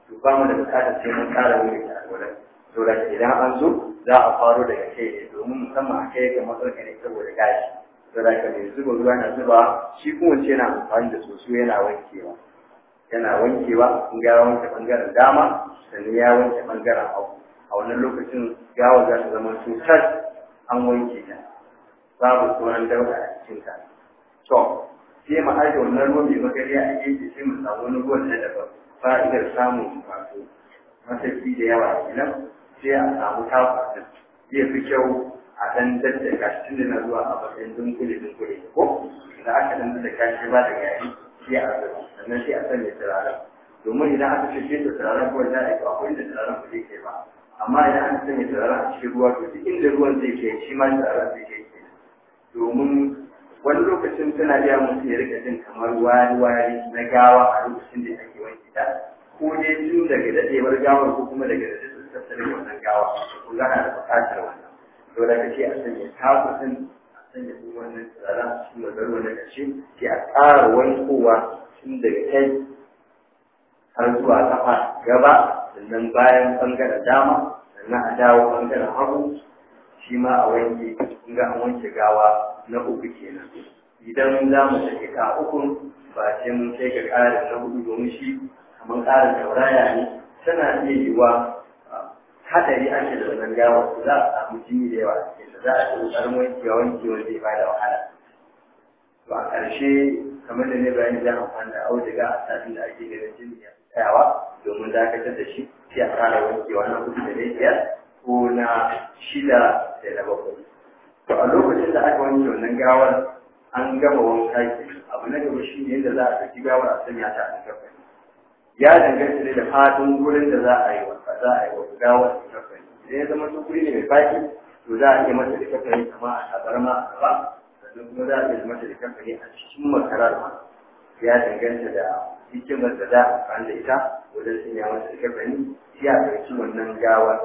to ba mu da bukatar sai mun kara wuri da alwala to da idan an zo za a faro daga kai ne domin musamman a kai ga matsalar ne saboda gashi to da ka ne zuba ruwa na zuba shi kuma ce yana amfani da sosai yana wankewa yana wankewa in ga wanke bangaren dama sannan ya wanke bangaren hau. a wannan lokacin gawa za ta zama an wanke ta babu sauran dauka a cikin ta to sai mu aje wannan ruwan mai magari a gefe sai mu samu wani ruwan na daban fa'idar samun wato masaki da yawa kenan sai a samu tafa zai fi kyau a ɗan daddaka shi da na zuwa a matsayin dunkule dunkule ko da aka ɗan daddaka shi ba da gari sai a sani sannan sai a sanya turaren domin idan aka ce shi da turaren kuma za a yi akwai da turaren ba zai ba amma idan an sanya turaren a cikin ruwa to duk inda ruwan zai ke shi ma turaren zai kai ke domin wani lokacin suna iya mutum ya rika jin kamar wari-wari na gawa a lokacin da ake wanke ta ko dai tun daga daɗewar gawar ko kuma daga daɗewar tattalin wannan gawa ko gana da buƙatar wannan dole ka ce a sanya takusin sanya wannan tsara cikin magarwa na ƙarshe ya ƙara wankowa sun daga kai har zuwa kafa gaba sannan bayan bangare dama sannan a dawo ɓangaren hagu shi ma a wanke in ga an wanke gawa na uku kenan idan za mu tafi ka uku ba sai mun kai ga ƙarin na hudu domin shi kamar ƙarin tauraya ne tana iya yiwa hadari ake da wannan gawa za a samu jini da yawa a cikin za a ƙoƙarin wankewa wankewa zai ba da wahala to a ƙarshe kamar da ne bayan da ya amfani da auduga a sami da ake ganin jini ya tsayawa domin dakatar da shi sai a fara wankewa na hudu da na ko na shida da na bakwai to a lokacin da aka wanke wannan gawar an gama wanka ke abu na gaba shi ne yadda za a ɗauki gawar a sanya ta a cikin ya danganta ne da fatan gurin da za a yi wa za a yi wa gawar a cikin idan ya zama tukuri ne mai faɗi to za a yi mata da kafare kama a ma a gaba sannan kuma za a yi mata da kafare a cikin makarar ma ya danganta da hikimar da za amfani da ita wajen yi mata da kafare ya ɗauki wannan gawar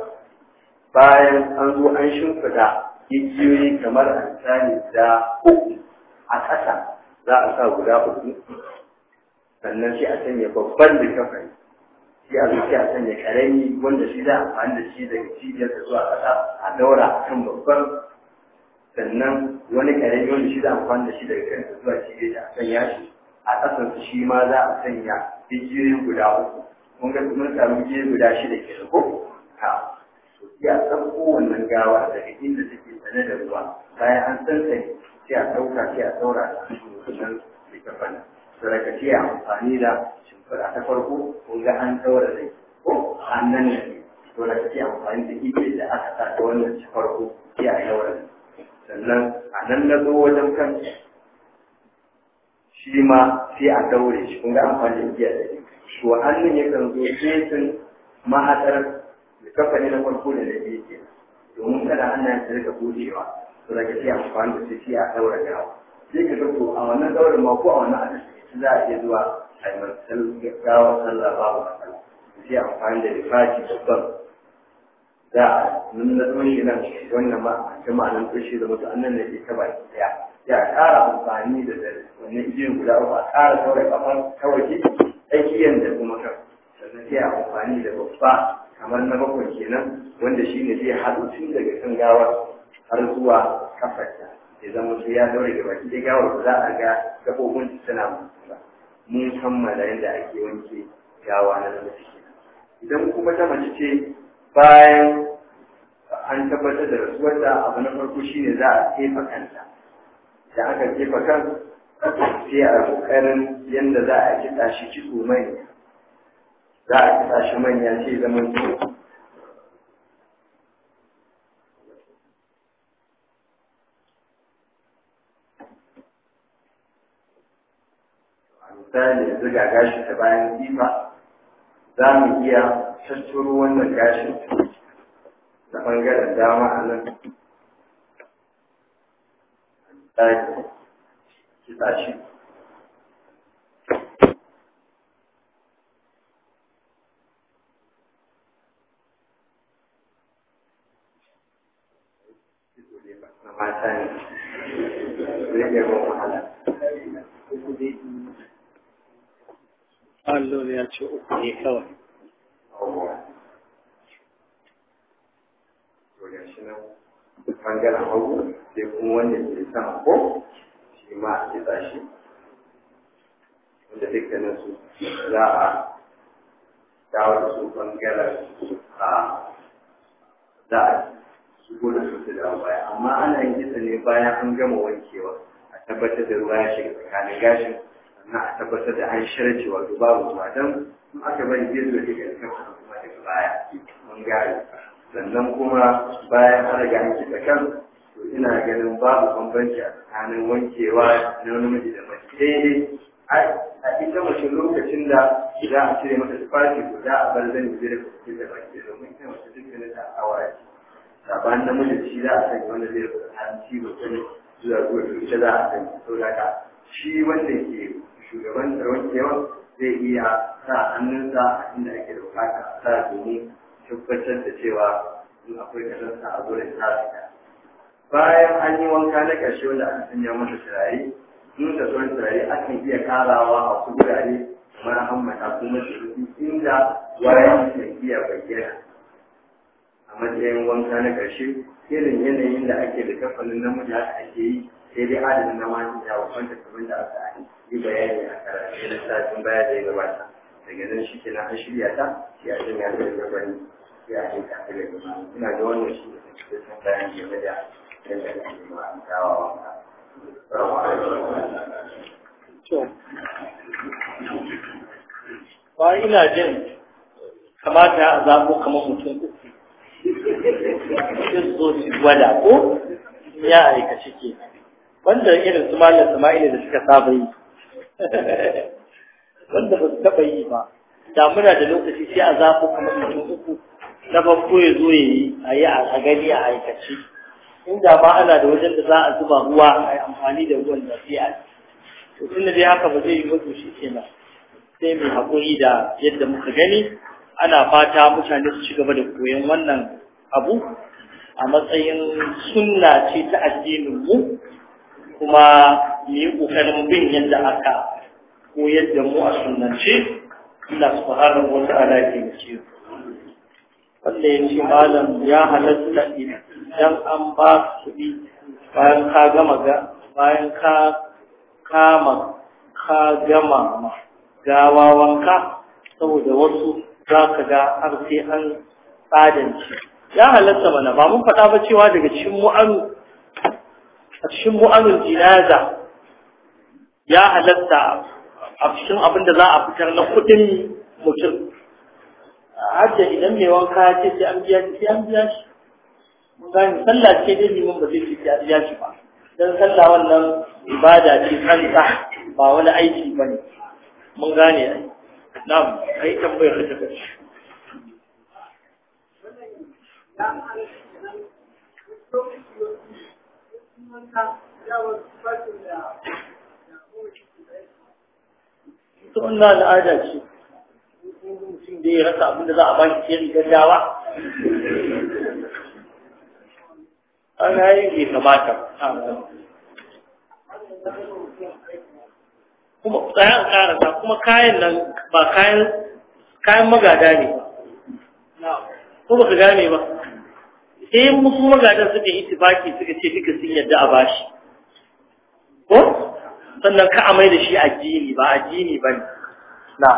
bayan an zo an shimfiɗa igiyoyi kamar an tsani da uku a ƙasa za a sa guda uku sannan sai a sanya babban da kafare sai a zuciya sanya karami wanda shi za a amfani da shi daga cibiyar da zuwa ƙasa a daura kan babban sannan wani karami wanda shi za a amfani da shi daga kan zuwa cibiyar da a sanya shi a su shi ma za a sanya bigiyoyi guda uku mun ga mun samu bigiyoyi guda shida ke ko ha ya san kowannen gawa daga inda take sane da ruwa bayan an san sai sai a ɗauka sai a ɗaura da shi wajen littafan sadaka ce amfani da fara ta farko kun ga an daura zai, ko an nan ne to da take amfani da ibe da aka sa ta wannan ta farko sai a daura rai sannan a nan na zo wajen kan shi ma sai a daure shi kun ga amfani da igiya da shi wa hannun ya kan zo fesin mahaɗar da kamfani na farko da na biyu ke domin kada hannun ta rika bushewa to da sai amfani da shi sai a daura gawa sai ka ga to a wannan daurin ma ko a wannan adadin za a iya zuwa a yi masu gaggawa sallah babu matsala sai amfani da rifaji babban za a nuna tsoshi nan wannan ma a ce ma'anar tsoshi da mutu annan da ke ta baki ya ƙara amfani da wannan igiyoyin guda uku a ƙara saurin kafan ta waje da kuma kan sannan sai a amfani da babba kamar na bakwai kenan wanda shi ne zai haɗu tun daga kan gawar har zuwa kafarta ya zama su ya daure da baki da gawar za a ga gabobin suna mun kammala yadda ake wanke yawa na namiji idan kuma ta mace ce bayan an tabbatar da rasuwarta abu na farko shine za a kefa kanta da aka kefa kan sai a kokarin yadda za a kiɗa shi ciko manya za a kiɗa shi manya sai zaman zuga gashin ta bayan jifa za mu iya tattaro wannan gashin na ɓangaren dama a nan ɗaki kitsa shi allon ya ce uku ne kawai bangaren hagu sai kuma wanda ke sama ko shi ma a kitsa shi wanda dukkanin za a dawo da su bangaren a za a shigo da su da baya amma ana yin kitsa ne bayan an gama wankewa a tabbatar da ruwa ya shiga tsakanin gashin na a tabbatar da an sharce wato babu ruwa don aka bari zai zo daga kan kuma daga baya mun gane sannan kuma bayan an riga an kiɗa kan to ina ganin babu bambanci a tsakanin wankewa na namiji da mace daidai a ita mace lokacin da za a cire mata tufafi za a bar zan yi da kuke da mace domin ita mace dukkanin da awara sabanin namiji shi za a sanya wanda zai rubuta hanci mutum zuwa zuwa ita za a sanya saboda shi wanda ke shugaban tsarwakewa zai iya sa hannunsa a inda ake da bukata a sa domin tabbatar da cewa in akwai kasarsa a zuwa sa fita. Bayan an yi wanka na ƙarshe wanda aka sanya masa turare, in da sauran turare akan iya karawa a wasu gurare kamar hammata kuma shirki inda wayan kan iya bayyana. A matsayin wanka na ƙarshe, irin yanayin da ake da kafanin namiji haka ake yi sai dai adadin na mata ya wakanta kamar da aka yi. yi bayani a karatu na satin baya da ya gabata daga nan shi ke na an shirya ta ya ce jin ya kai gabani sai a jin ta daga ma ina ga wannan shi da da sun bayan game da yadda ake yi wa dawa wanka. Ba ina jin kamata a zaɓo kamar mutum uku. Sai zo su gwada ko ya aikace ke. Wanda irin su malam Sama'ilu da suka saba yi. wanda ba su taɓa yi ba da muna da lokaci sai a zafi kamar mutum uku na farko ya zo ya yi a yi a gani a aikace inda ba ana da wajen da za a zuba ruwa a yi amfani da ruwan da sai a to tunda dai haka ba zai yi ba to shi kenan sai mai haƙuri da yadda muka gani ana fata mutane su ci gaba da koyon wannan abu a matsayin sunna ce ta addinin mu kuma yi ƙoƙarin bin yadda aka koyar da mu a sunnance Allah subhanahu wa da ke ce wanda ya ce malam ya halatta idan an ba su kuɗi bayan ka gama ga bayan ka kama ka gama gawa wanka saboda wasu za ka ga har sai an tsadance ya halatta mana ba mun faɗa ba cewa daga cikin mu'alu a cikin mu'amin jinaza ya halatta a cikin abin da za a fitar na kudin mutum hajja idan mai wanka ya ce sai an biya shi an biya shi mun gane sallah ce dai liman ba zai ce sai an biya shi ba dan sallah wannan ibada ce kanta ba wani aiki ba ne. mun gane ai na'am kai tambayar da take Thank you. ita al'ada ce mutum da ya rasa abinda za a ba shi cikin gaggawa an kuma kayan nan ba kayan magada ne ba ka gane ba sai eh, musu magadan suka yi itifaki suka ce duka sun yadda a bashi ko sannan ka amai da shi a jini, ba a jini ba ne na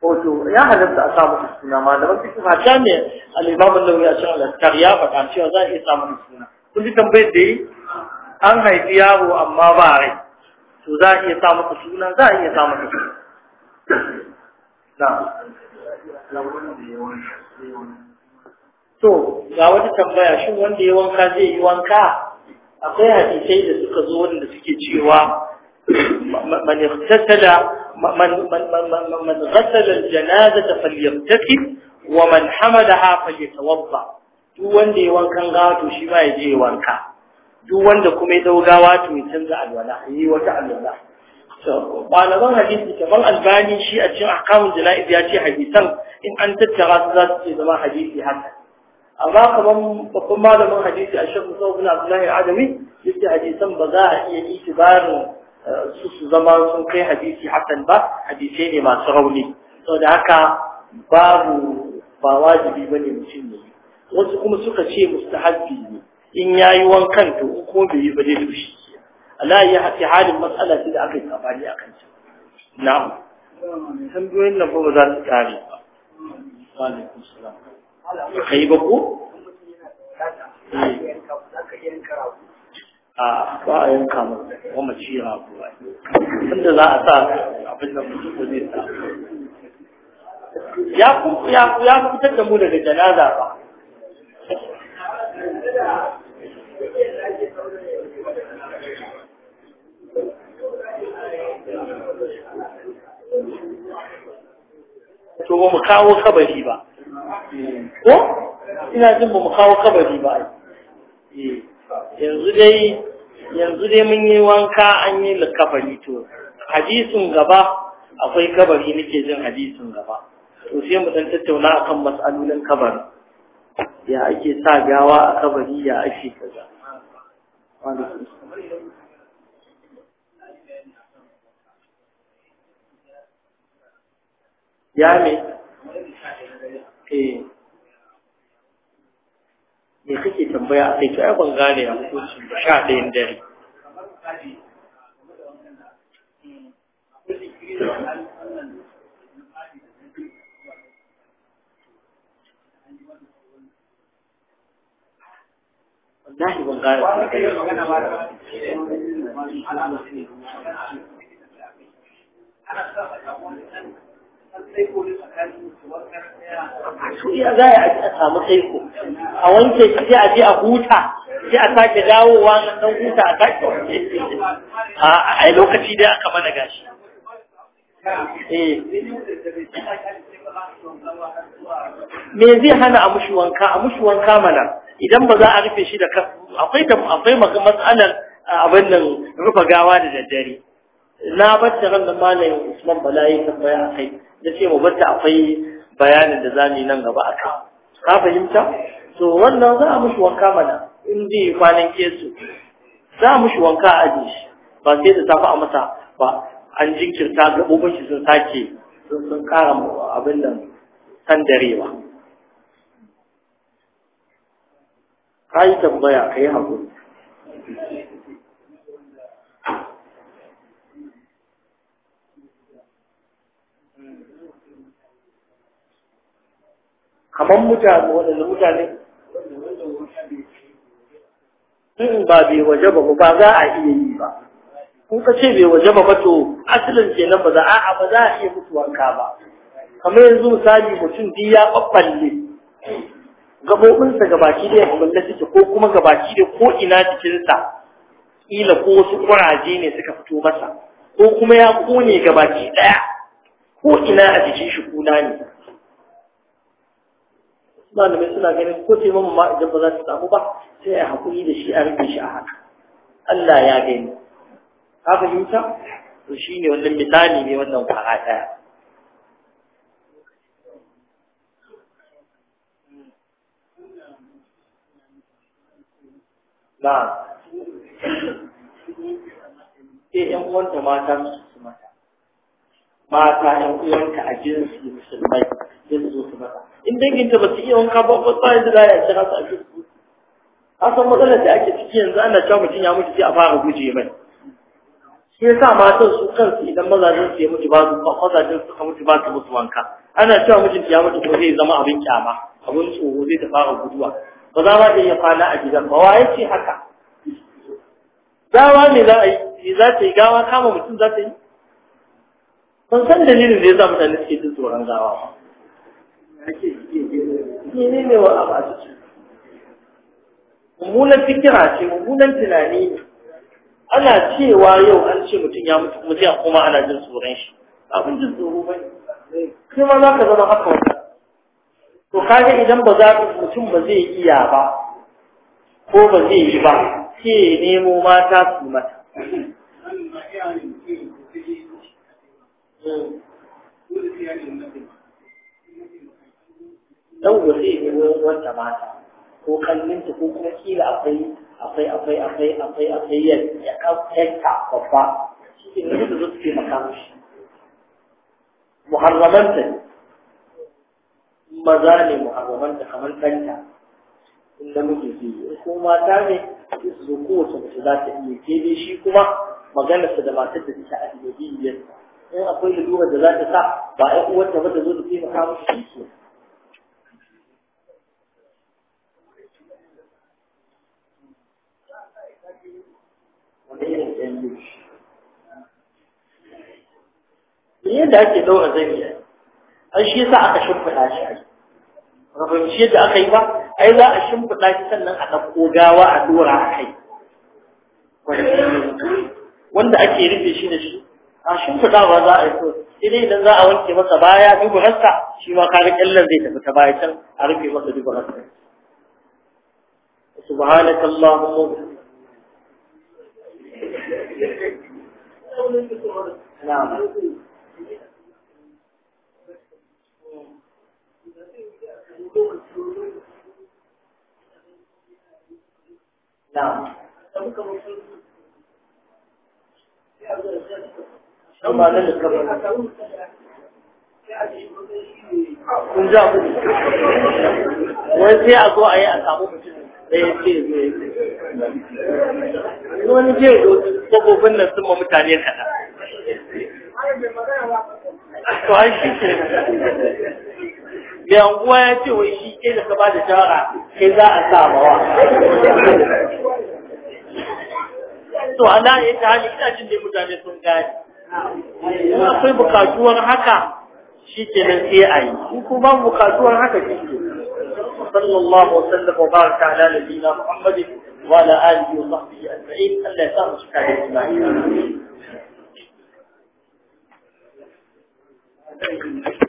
Oto, ya halatta a samun suna malaman cikin hata ne al'imamun lauya cin al'askar ya faɗa cewa za a iya samun suna. Kun ji tambayar da yi an haifi yaro amma ba rai to za a iya sa maka suna za a iya sa maka suna to ga wata tambaya shin wanda ya wanka zai yi wanka akwai hadisai da suka zo wanda suke cewa man yaktasala man man man ghassala al wa man hamadaha falyatawadda duk wanda ya wankan gawa to shi ba ya je wanka duk wanda kuma ya dau gawa to ya canza alwala yi wata alwala to malaman hadisi kaman albani shi a cikin ahkamul jana'iz ya ce hadisan in an tattara su za su ce zama hadisi haka amma kaman babban malamin hadisi a shafi sau bin abdullahi adami yace hadisan ba za a iya itibarin eh, su su zama sun kai hadisi hakan ba hadisai ne masu rauni saboda haka babu ba wajibi ba ne mutum ne wasu kuma suka ce mustahabbi ne in yayi wankan to ko bai yi ba zai tushi Allah ya haƙi halin matsala shi da aka yi tsabani a kanta na'am tambayoyin nan ba za su kare ba kai ba ko a ba a yanka mu wa mace ya abu tunda za a sa abin da mutum ko zai sa ya fitar da mu daga janaza ba to ba mu kawo kabari ba ko ina jin ba mu kawo kabari ba eh, yanzu dai yanzu dai mun yi wanka an yi kabari. to hadisin gaba akwai kabari nake jin hadisin gaba to sai mu dan tattauna akan mas'alolin kabari ya ake sa gawa a kabari ya ake kaza ya me eh me kake tambaya a kai kai kun gane a hukuncin da sha ɗayan dare wallahi ban gane su iya za a a samu saiko. a wanke shi sai a je a huta sai a sake dawowa na dan huta a sake a ai lokaci dai aka mana gashi eh. me zai hana a mushi wanka a mushi wanka mana idan ba za a rufe shi da kafu akwai akwai matsalar abin nan rufe gawa da daddare na bacci ran da malamin Usman Bala ya tambaya kai. Ya ce mu bata akwai bayanin da zamu yi nan gaba aka. ka fahimta to wannan za a mushi wanka mana in bi kwanan kesu za a mushi wanka a aji ba sai da safa a masa ba an jinkirta gaɓoɓin shi sun sake sun kara abin nan sandarewa ka yi tambaya ka yi haƙuri kamar mutane waɗanda mutane in ba bai waje ba ba za a iya yi ba kun ka ce bai waje ba to asalin kenan ba za a ba za a iya wanka ba kamar yanzu misali mutum duk ya ɓaɓɓalle gaɓoɓinsa gabaki a kamalla suke ko kuma gabaki da ko ina jikinsa ƙila ko wasu ƙuraje ne suka fito masa ko kuma ya ƙone gabaki ɗaya ko ina a jikin shi kuna ne malamai suna ganin ko ce mamma ma idan ba za ta samu ba sai a haƙuri da shi a rike shi a haka Allah ya gani ka fahimta to shi ne wannan misali ne wannan fara ɗaya na ke ‘yan uwanta mata su mata mata ‘yan uwanta a jinsi musulmai sai su su mata in danginta ba su iya wanka ba ba ba yadda za a kira su a shirku asan matsalar da ake ciki yanzu ana cewa mutum ya mutu sai a fara guje mai shi yasa matan su kansu idan mazajen su ya mutu ba su mazajen suka mutu ba su mutu wanka ana cewa mijin ya mutu ko zai zama abin kyama abin tsoro zai ta fara guduwa ba za ma ta ya kwana a gidan ba wa ya ce haka gawa me za a yi za ta yi gawa kama mutum za ta yi ban san dalilin da ya sa mutane suke jin tsoron gawa ba ne ne wa a mummunan fikira ce mummunan tunani ne ana cewa yau an ce mutum ya mutu kuma sai a koma ana jin tsoron shi abin jin tsoro ba ne kai ma za ka zama haka wata to kaga idan ba za mutum ba zai iya ba ko ba zai yi ba Ke nemo mata su mata Mm. dan gobe ya goyon wata mata ko kallinta ko kuma kila akwai akwai akwai akwai akwai akwai ya ya kafa babba shi ne yadda zai ke maka shi muharramanta ne, maza ne muharramanta kamar kanta in da muke ji ko mata ne su zo kowace mace za ta iya ke dai shi kuma maganarsa da matar da take a dubiyar in akwai lura da za ta sa ba ai uwarta ba ta zo ta taimaka musu shi zayyo shi yadda ake daura zayyo an shi yasa aka shimfiɗa shi ai rubuci yadda aka yi ba ai za a shimfiɗa shi sannan a ɗauko gawa a dora a kai wanda ake rufe shi da shi a shimfiɗa ba za a yi so sai dai idan za a wanke masa baya rasta, shi ma kaga ƙyallar zai tafi ta baya can a rufe masa duburarsa subhanakallahumma نعم نعم ثم للكبر kun ja ku wani sai a zo a yi a samu mutum da ya ce zai wani ce kofofin nan sun ma mutane kaɗa to an shi ke mai anguwa ya ce wai shi ke da ka ba da shawara ke za a sa mawa to ana ya ta hali ina jin dai mutane sun gane akwai bukatuwar haka shi ke nan sai a yi shi ko ba bukatuwar haka shi ke sallallahu wasallam wa baraka ala nabiyina muhammadin wa ala alihi wa sahbihi ajma'in Allah ya sa mu cika da imani